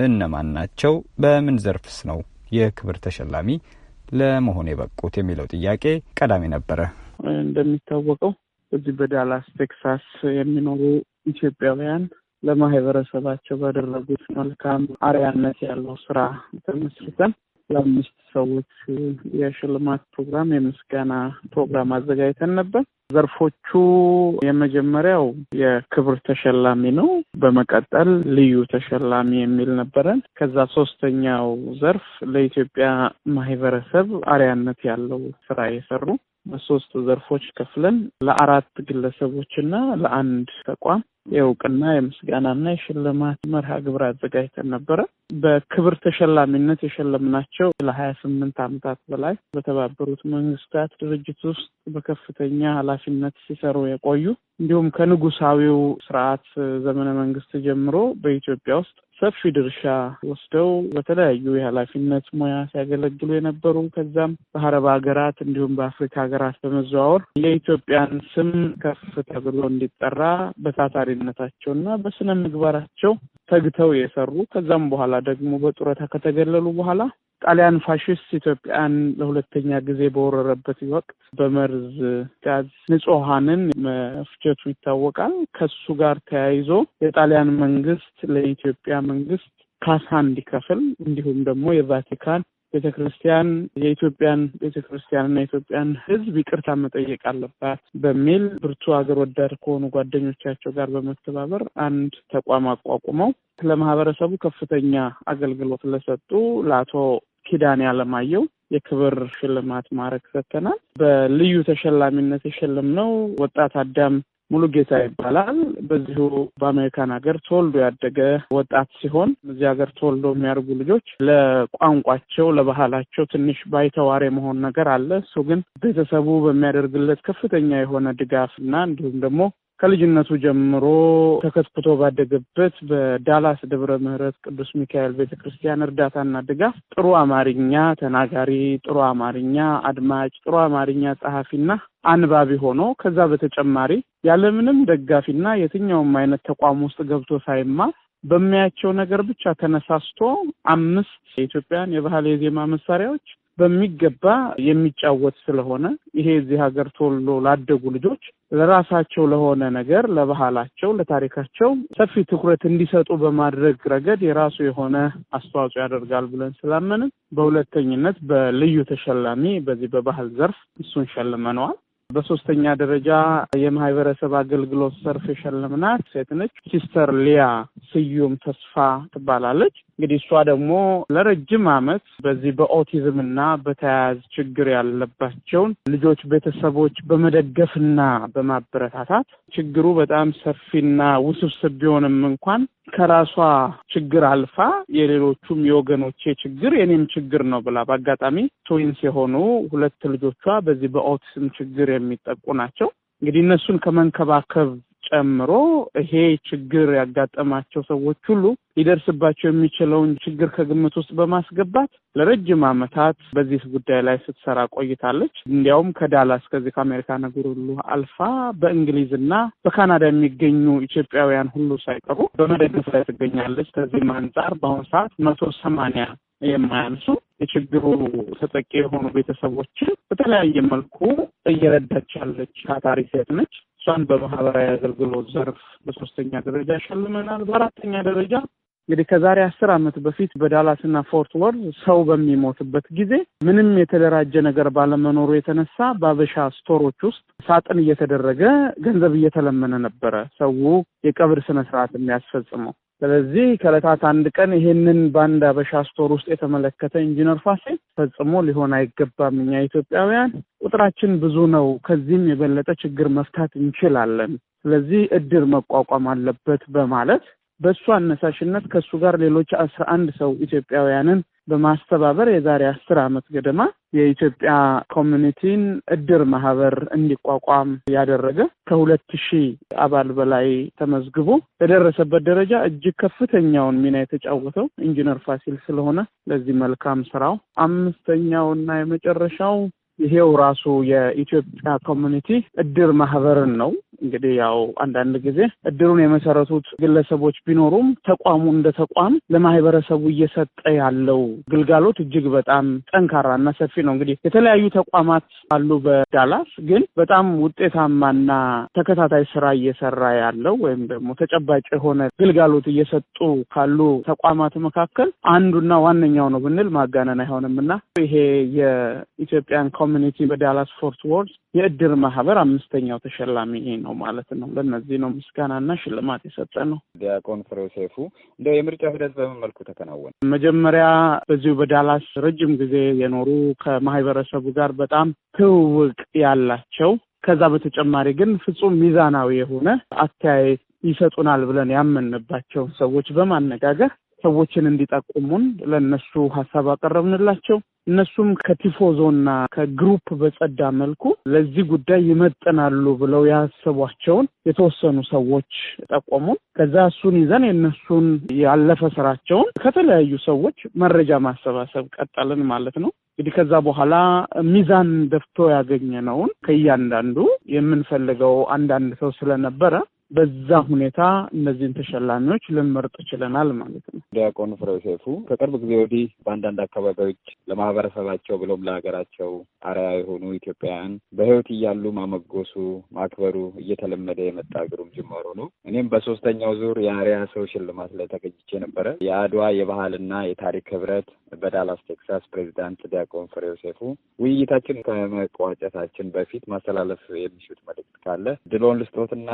እነማን ናቸው? በምን ዘርፍስ ነው የክብር ተሸላሚ ለመሆን የበቁት የሚለው ጥያቄ ቀዳሚ ነበረ። እንደሚታወቀው እዚህ በዳላስ ቴክሳስ የሚኖሩ ኢትዮጵያውያን ለማህበረሰባቸው ባደረጉት መልካም አርያነት ያለው ስራ ተመስርተን ለአምስት ሰዎች የሽልማት ፕሮግራም የምስጋና ፕሮግራም አዘጋጅተን ነበር። ዘርፎቹ የመጀመሪያው የክብር ተሸላሚ ነው። በመቀጠል ልዩ ተሸላሚ የሚል ነበረን። ከዛ ሶስተኛው ዘርፍ ለኢትዮጵያ ማህበረሰብ አሪያነት ያለው ስራ የሰሩ በሶስት ዘርፎች ከፍለን ለአራት ግለሰቦችና ለአንድ ተቋም የእውቅና የምስጋናና የሽልማት መርሃ ግብር አዘጋጅተን ነበረ። በክብር ተሸላሚነት የሸለምናቸው ለሀያ ስምንት ዓመታት በላይ በተባበሩት መንግስታት ድርጅት ውስጥ በከፍተኛ ኃላፊነት ሲሰሩ የቆዩ እንዲሁም ከንጉሳዊው ስርዓት ዘመነ መንግስት ጀምሮ በኢትዮጵያ ውስጥ ሰፊ ድርሻ ወስደው በተለያዩ የኃላፊነት ሙያ ሲያገለግሉ የነበሩ ከዛም በአረብ ሀገራት እንዲሁም በአፍሪካ ሀገራት በመዘዋወር የኢትዮጵያን ስም ከፍ ተብሎ እንዲጠራ በታታሪነታቸው እና በስነ ምግባራቸው ተግተው የሰሩ ከዛም በኋላ በኋላ ደግሞ በጡረታ ከተገለሉ በኋላ ጣሊያን ፋሽስት ኢትዮጵያን ለሁለተኛ ጊዜ በወረረበት ወቅት በመርዝ ጋዝ ንጹሐንን መፍጀቱ ይታወቃል። ከሱ ጋር ተያይዞ የጣሊያን መንግስት ለኢትዮጵያ መንግስት ካሳ እንዲከፍል እንዲሁም ደግሞ የቫቲካን ቤተ ክርስቲያን የኢትዮጵያን ቤተ ክርስቲያንና የኢትዮጵያን ሕዝብ ይቅርታ መጠየቅ አለባት በሚል ብርቱ ሀገር ወዳድ ከሆኑ ጓደኞቻቸው ጋር በመተባበር አንድ ተቋም አቋቁመው ለማህበረሰቡ ከፍተኛ አገልግሎት ለሰጡ ለአቶ ኪዳኔ አለማየሁ የክብር ሽልማት ማድረግ ሰጥተናል። በልዩ ተሸላሚነት የሸልም ነው ወጣት አዳም ሙሉ ጌታ ይባላል። በዚሁ በአሜሪካን ሀገር ተወልዶ ያደገ ወጣት ሲሆን እዚህ ሀገር ተወልዶ የሚያደርጉ ልጆች ለቋንቋቸው፣ ለባህላቸው ትንሽ ባይተዋር መሆን ነገር አለ። እሱ ግን ቤተሰቡ በሚያደርግለት ከፍተኛ የሆነ ድጋፍ እና እንዲሁም ደግሞ ከልጅነቱ ጀምሮ ተከትክቶ ባደገበት በዳላስ ደብረ ምሕረት ቅዱስ ሚካኤል ቤተ ክርስቲያን እርዳታና ድጋፍ ጥሩ አማርኛ ተናጋሪ፣ ጥሩ አማርኛ አድማጭ፣ ጥሩ አማርኛ ጸሐፊና አንባቢ ሆኖ ከዛ በተጨማሪ ያለምንም ደጋፊና የትኛውም አይነት ተቋም ውስጥ ገብቶ ሳይማ በሚያያቸው ነገር ብቻ ተነሳስቶ አምስት የኢትዮጵያን የባህል የዜማ መሳሪያዎች በሚገባ የሚጫወት ስለሆነ ይሄ እዚህ ሀገር ተወልዶ ላደጉ ልጆች ለራሳቸው ለሆነ ነገር ለባህላቸው፣ ለታሪካቸው ሰፊ ትኩረት እንዲሰጡ በማድረግ ረገድ የራሱ የሆነ አስተዋጽኦ ያደርጋል ብለን ስላመንን በሁለተኝነት በልዩ ተሸላሚ በዚህ በባህል ዘርፍ እሱን ሸልመነዋል። በሶስተኛ ደረጃ የማህበረሰብ አገልግሎት ዘርፍ የሸለምናት ሴት ነች። ሲስተር ሊያ ስዩም ተስፋ ትባላለች። እንግዲህ እሷ ደግሞ ለረጅም ዓመት በዚህ በኦቲዝም እና በተያያዝ ችግር ያለባቸውን ልጆች ቤተሰቦች በመደገፍና በማበረታታት ችግሩ በጣም ሰፊና ውስብስብ ቢሆንም እንኳን ከራሷ ችግር አልፋ የሌሎቹም የወገኖቼ ችግር የኔም ችግር ነው ብላ በአጋጣሚ ትዊንስ የሆኑ ሁለት ልጆቿ በዚህ በኦቲስም ችግር የሚጠቁ ናቸው። እንግዲህ እነሱን ከመንከባከብ ጨምሮ ይሄ ችግር ያጋጠማቸው ሰዎች ሁሉ ሊደርስባቸው የሚችለውን ችግር ከግምት ውስጥ በማስገባት ለረጅም ዓመታት በዚህ ጉዳይ ላይ ስትሰራ ቆይታለች። እንዲያውም ከዳላስ ከዚህ ከአሜሪካ ነገር ሁሉ አልፋ በእንግሊዝና በካናዳ የሚገኙ ኢትዮጵያውያን ሁሉ ሳይቀሩ በመደገፍ ላይ ትገኛለች። ከዚህም አንጻር በአሁኑ ሰዓት መቶ ሰማንያ የማያንሱ የችግሩ ተጠቂ የሆኑ ቤተሰቦችን በተለያየ መልኩ እየረዳች ያለች ታታሪ ሴት ነች። እሷን በማህበራዊ አገልግሎት ዘርፍ በሶስተኛ ደረጃ ሸልመናል። በአራተኛ ደረጃ እንግዲህ ከዛሬ አስር ዓመት በፊት በዳላስና ፎርት ወርዝ ሰው በሚሞትበት ጊዜ ምንም የተደራጀ ነገር ባለመኖሩ የተነሳ በአበሻ ስቶሮች ውስጥ ሳጥን እየተደረገ ገንዘብ እየተለመነ ነበረ ሰው የቀብር ስነ ስርዓት የሚያስፈጽመው። ስለዚህ ከእለታት አንድ ቀን ይሄንን ባንድ አበሻ ስቶር ውስጥ የተመለከተ ኢንጂነር ፋሴ ፈጽሞ ሊሆን አይገባም። እኛ ኢትዮጵያውያን ቁጥራችን ብዙ ነው። ከዚህም የበለጠ ችግር መፍታት እንችላለን። ስለዚህ እድር መቋቋም አለበት በማለት በእሱ አነሳሽነት ከእሱ ጋር ሌሎች አስራ አንድ ሰው ኢትዮጵያውያንን በማስተባበር የዛሬ አስር ዓመት ገደማ የኢትዮጵያ ኮሚኒቲን እድር ማህበር እንዲቋቋም ያደረገ ከሁለት ሺህ አባል በላይ ተመዝግቦ በደረሰበት ደረጃ እጅግ ከፍተኛውን ሚና የተጫወተው ኢንጂነር ፋሲል ስለሆነ ለዚህ መልካም ስራው አምስተኛውና የመጨረሻው ይሄው ራሱ የኢትዮጵያ ኮሚኒቲ እድር ማህበርን ነው። እንግዲህ ያው አንዳንድ ጊዜ እድሩን የመሰረቱት ግለሰቦች ቢኖሩም ተቋሙ እንደ ተቋም ለማህበረሰቡ እየሰጠ ያለው ግልጋሎት እጅግ በጣም ጠንካራና ሰፊ ነው። እንግዲህ የተለያዩ ተቋማት አሉ በዳላስ ግን በጣም ውጤታማና ተከታታይ ስራ እየሰራ ያለው ወይም ደግሞ ተጨባጭ የሆነ ግልጋሎት እየሰጡ ካሉ ተቋማት መካከል አንዱና ዋነኛው ነው ብንል ማጋነን አይሆንም እና ይሄ የኢትዮጵያን ኮሚኒቲ በዳላስ ፎርት ወርድ የእድር ማህበር አምስተኛው ተሸላሚ ነው። ነው ማለት ነው። ለእነዚህ ነው ምስጋናና ሽልማት የሰጠ ነው። ዲያቆን ፍሬው ሴፉ፣ እንደው ሂደት በምን መልኩ ተከናወነ? መጀመሪያ በዚሁ በዳላስ ረጅም ጊዜ የኖሩ ከማህበረሰቡ ጋር በጣም ትውውቅ ያላቸው ከዛ በተጨማሪ ግን ፍጹም ሚዛናዊ የሆነ አስተያየት ይሰጡናል ብለን ያመንባቸውን ሰዎች በማነጋገር ሰዎችን እንዲጠቁሙን ለእነሱ ሀሳብ አቀረብንላቸው። እነሱም ከቲፎዞና ከግሩፕ በጸዳ መልኩ ለዚህ ጉዳይ ይመጥናሉ ብለው ያሰቧቸውን የተወሰኑ ሰዎች ጠቆሙን። ከዛ እሱን ይዘን የእነሱን ያለፈ ስራቸውን ከተለያዩ ሰዎች መረጃ ማሰባሰብ ቀጠልን ማለት ነው። እንግዲህ ከዛ በኋላ ሚዛን ደፍቶ ያገኘነውን ከእያንዳንዱ የምንፈልገው አንዳንድ ሰው ስለነበረ በዛ ሁኔታ እነዚህን ተሸላሚዎች ልንመርጥ ችለናል ማለት ነው። ዲያቆን ፍሬ ከቅርብ ጊዜ ወዲህ በአንዳንድ አካባቢዎች ለማህበረሰባቸው ብሎም ለሀገራቸው አርያ የሆኑ ኢትዮጵያውያን በህይወት እያሉ ማመጎሱ ማክበሩ እየተለመደ የመጣ ግሩም ጅማሮ ነው። እኔም በሶስተኛው ዙር የአርያ ሰው ሽልማት ላይ ተገኝቼ ነበረ። የአድዋ የባህልና የታሪክ ህብረት በዳላስ ቴክሳስ ፕሬዚዳንት ዲያቆን ፍሬ ውይይታችን ከመቋጨታችን በፊት ማስተላለፍ የሚሹት መልክት ካለ ድሎን ልስጦትና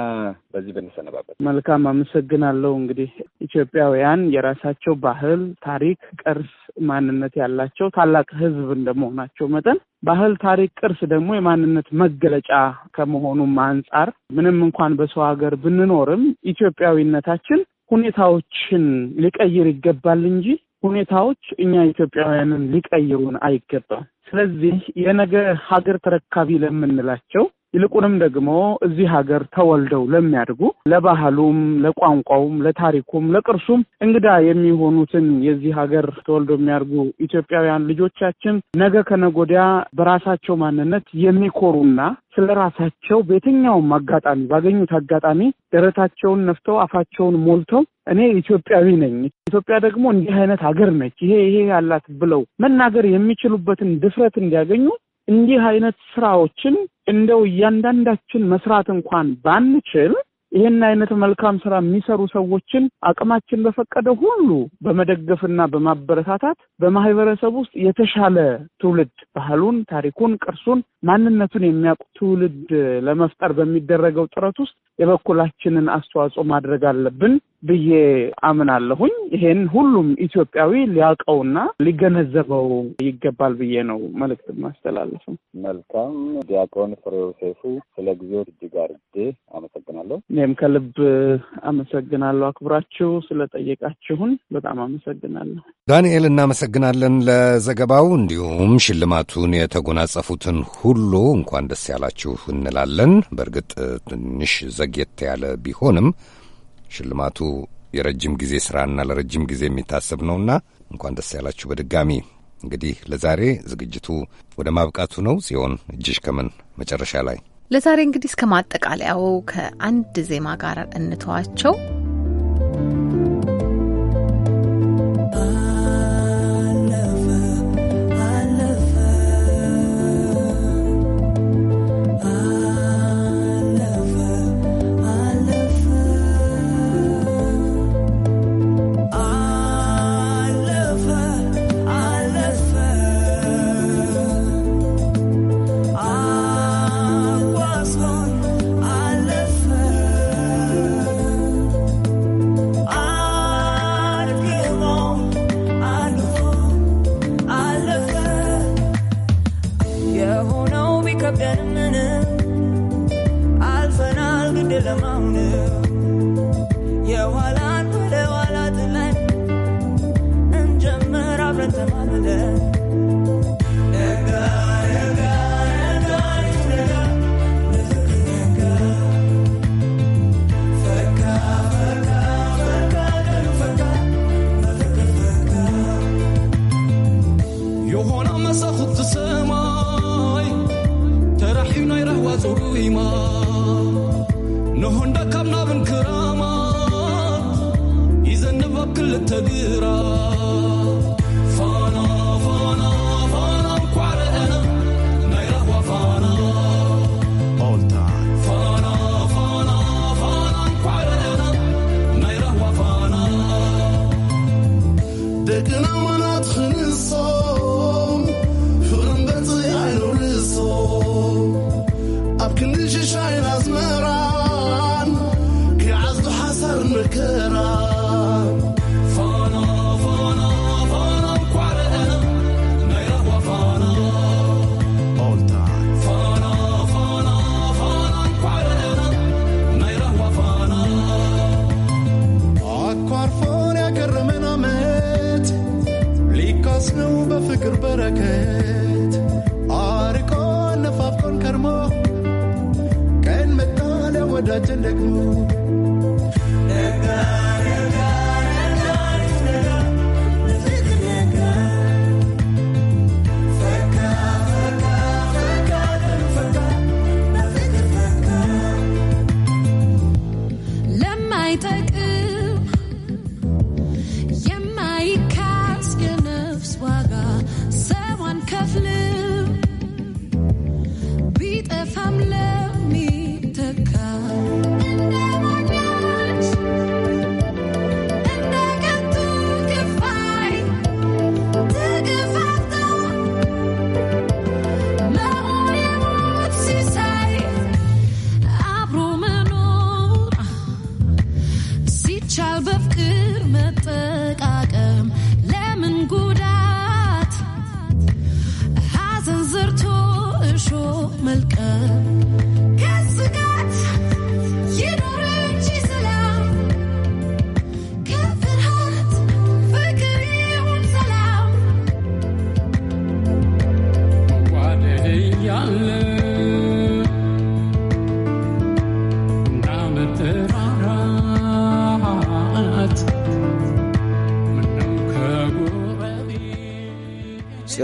በዚህ ብንሰነባበት። መልካም አመሰግናለሁ። እንግዲህ ኢትዮጵያውያን የራሳቸው ባህል፣ ታሪክ፣ ቅርስ፣ ማንነት ያላቸው ታላቅ ህዝብ እንደመሆናቸው መጠን ባህል፣ ታሪክ፣ ቅርስ ደግሞ የማንነት መገለጫ ከመሆኑም አንጻር ምንም እንኳን በሰው ሀገር ብንኖርም ኢትዮጵያዊነታችን ሁኔታዎችን ሊቀይር ይገባል እንጂ ሁኔታዎች እኛ ኢትዮጵያውያንን ሊቀይሩን አይገባም። ስለዚህ የነገ ሀገር ተረካቢ ለምንላቸው ይልቁንም ደግሞ እዚህ ሀገር ተወልደው ለሚያድጉ ለባህሉም፣ ለቋንቋውም፣ ለታሪኩም፣ ለቅርሱም እንግዳ የሚሆኑትን የዚህ ሀገር ተወልደው የሚያድጉ ኢትዮጵያውያን ልጆቻችን ነገ ከነጎዲያ በራሳቸው ማንነት የሚኮሩና ስለ ራሳቸው በየትኛውም አጋጣሚ ባገኙት አጋጣሚ ደረታቸውን ነፍተው አፋቸውን ሞልተው እኔ ኢትዮጵያዊ ነኝ፣ ኢትዮጵያ ደግሞ እንዲህ አይነት ሀገር ነች፣ ይሄ ይሄ ያላት ብለው መናገር የሚችሉበትን ድፍረት እንዲያገኙ እንዲህ አይነት ስራዎችን እንደው እያንዳንዳችን መስራት እንኳን ባንችል ይህን አይነት መልካም ስራ የሚሰሩ ሰዎችን አቅማችን በፈቀደ ሁሉ በመደገፍና በማበረታታት በማህበረሰብ ውስጥ የተሻለ ትውልድ ባህሉን፣ ታሪኩን፣ ቅርሱን፣ ማንነቱን የሚያውቁ ትውልድ ለመፍጠር በሚደረገው ጥረት ውስጥ የበኩላችንን አስተዋጽኦ ማድረግ አለብን ብዬ አምናለሁኝ። ይሄን ሁሉም ኢትዮጵያዊ ሊያውቀውና ሊገነዘበው ይገባል ብዬ ነው መልእክት ማስተላለፍም። መልካም ዲያቆን ፍሬው ሴፉ ስለ ጊዜው እጅግ አርጌ አመሰግናለሁ። እኔም ከልብ አመሰግናለሁ። አክብራችሁ ስለጠየቃችሁን በጣም አመሰግናለሁ። ዳንኤል እናመሰግናለን ለዘገባው። እንዲሁም ሽልማቱን የተጎናጸፉትን ሁሉ እንኳን ደስ ያላችሁ እንላለን። በእርግጥ ትንሽ ዘ ዘግየት ያለ ቢሆንም ሽልማቱ የረጅም ጊዜ ስራና ለረጅም ጊዜ የሚታሰብ ነውና እንኳን ደስ ያላችሁ በድጋሚ። እንግዲህ ለዛሬ ዝግጅቱ ወደ ማብቃቱ ነው። ጽዮን እጅሽ ከምን መጨረሻ ላይ ለዛሬ እንግዲህ እስከ ማጠቃለያው ከአንድ ዜማ ጋር እንተዋቸው።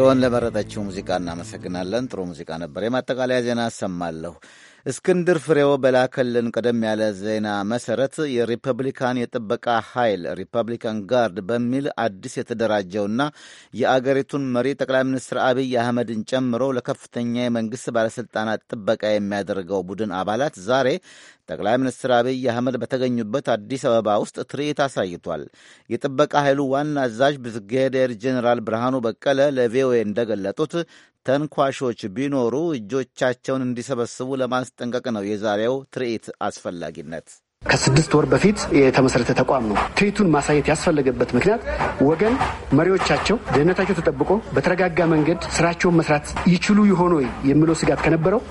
ጥሩን ለመረጠችው ሙዚቃ እናመሰግናለን። ጥሩ ሙዚቃ ነበር። የማጠቃለያ ዜና አሰማለሁ። እስክንድር ፍሬው በላከልን ቀደም ያለ ዜና መሠረት፣ የሪፐብሊካን የጥበቃ ኃይል ሪፐብሊካን ጋርድ በሚል አዲስ የተደራጀውና የአገሪቱን መሪ ጠቅላይ ሚኒስትር አብይ አህመድን ጨምሮ ለከፍተኛ የመንግሥት ባለሥልጣናት ጥበቃ የሚያደርገው ቡድን አባላት ዛሬ ጠቅላይ ሚኒስትር አብይ አህመድ በተገኙበት አዲስ አበባ ውስጥ ትርኢት አሳይቷል። የጥበቃ ኃይሉ ዋና አዛዥ ብርጋዴር ጄኔራል ብርሃኑ በቀለ ለቪኦኤ እንደገለጡት ተንኳሾች ቢኖሩ እጆቻቸውን እንዲሰበስቡ ለማስጠንቀቅ ነው የዛሬው ትርኢት አስፈላጊነት። ከስድስት ወር በፊት የተመሰረተ ተቋም ነው። ትርኢቱን ማሳየት ያስፈለገበት ምክንያት ወገን መሪዎቻቸው ደህንነታቸው ተጠብቆ በተረጋጋ መንገድ ስራቸውን መስራት ይችሉ ይሆን ወይ የሚለው ስጋት ከነበረው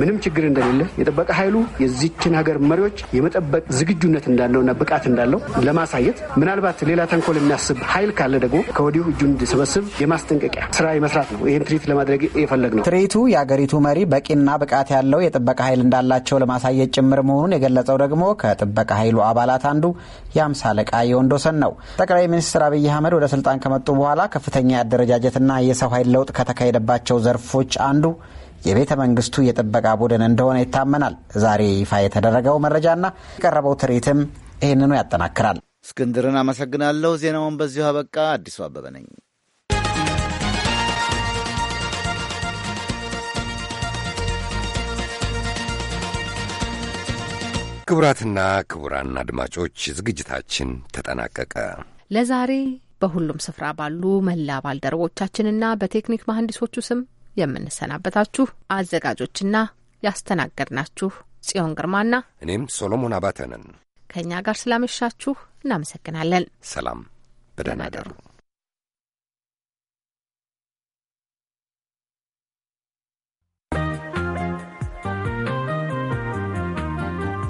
ምንም ችግር እንደሌለ የጠበቀ ኃይሉ የዚችን ሀገር መሪዎች የመጠበቅ ዝግጁነት እንዳለውና ብቃት እንዳለው ለማሳየት ምናልባት ሌላ ተንኮል የሚያስብ ኃይል ካለ ደግሞ ከወዲሁ እጁ እንዲሰበስብ የማስጠንቀቂያ ስራ መስራት ነው። ይህን ትርኢት ለማድረግ የፈለግ ነው። ትርኢቱ የአገሪቱ መሪ በቂና ብቃት ያለው የጥበቃ ኃይል እንዳላቸው ለማሳየት ጭምር መሆኑን የገለጸው ደግሞ ከጥበቃ ኃይሉ አባላት አንዱ የአምሳ አለቃ የወንዶሰን ነው። ጠቅላይ ሚኒስትር አብይ አህመድ ወደ ስልጣን ከመጡ በኋላ ከፍተኛ የአደረጃጀትና የሰው ኃይል ለውጥ ከተካሄደባቸው ዘርፎች አንዱ የቤተ መንግስቱ የጥበቃ ቡድን እንደሆነ ይታመናል። ዛሬ ይፋ የተደረገው መረጃና የቀረበው ትርኢትም ይህንኑ ያጠናክራል። እስክንድርን አመሰግናለሁ። ዜናውን በዚሁ አበቃ። አዲሱ አበበ ነኝ። ክቡራትና ክቡራን አድማጮች ዝግጅታችን ተጠናቀቀ። ለዛሬ በሁሉም ስፍራ ባሉ መላ ባልደረቦቻችንና በቴክኒክ መሐንዲሶቹ ስም የምንሰናበታችሁ አዘጋጆችና ያስተናገድናችሁ ጽዮን ግርማና እኔም ሶሎሞን አባተ ነን። ከእኛ ጋር ስላመሻችሁ እናመሰግናለን። ሰላም፣ በደህና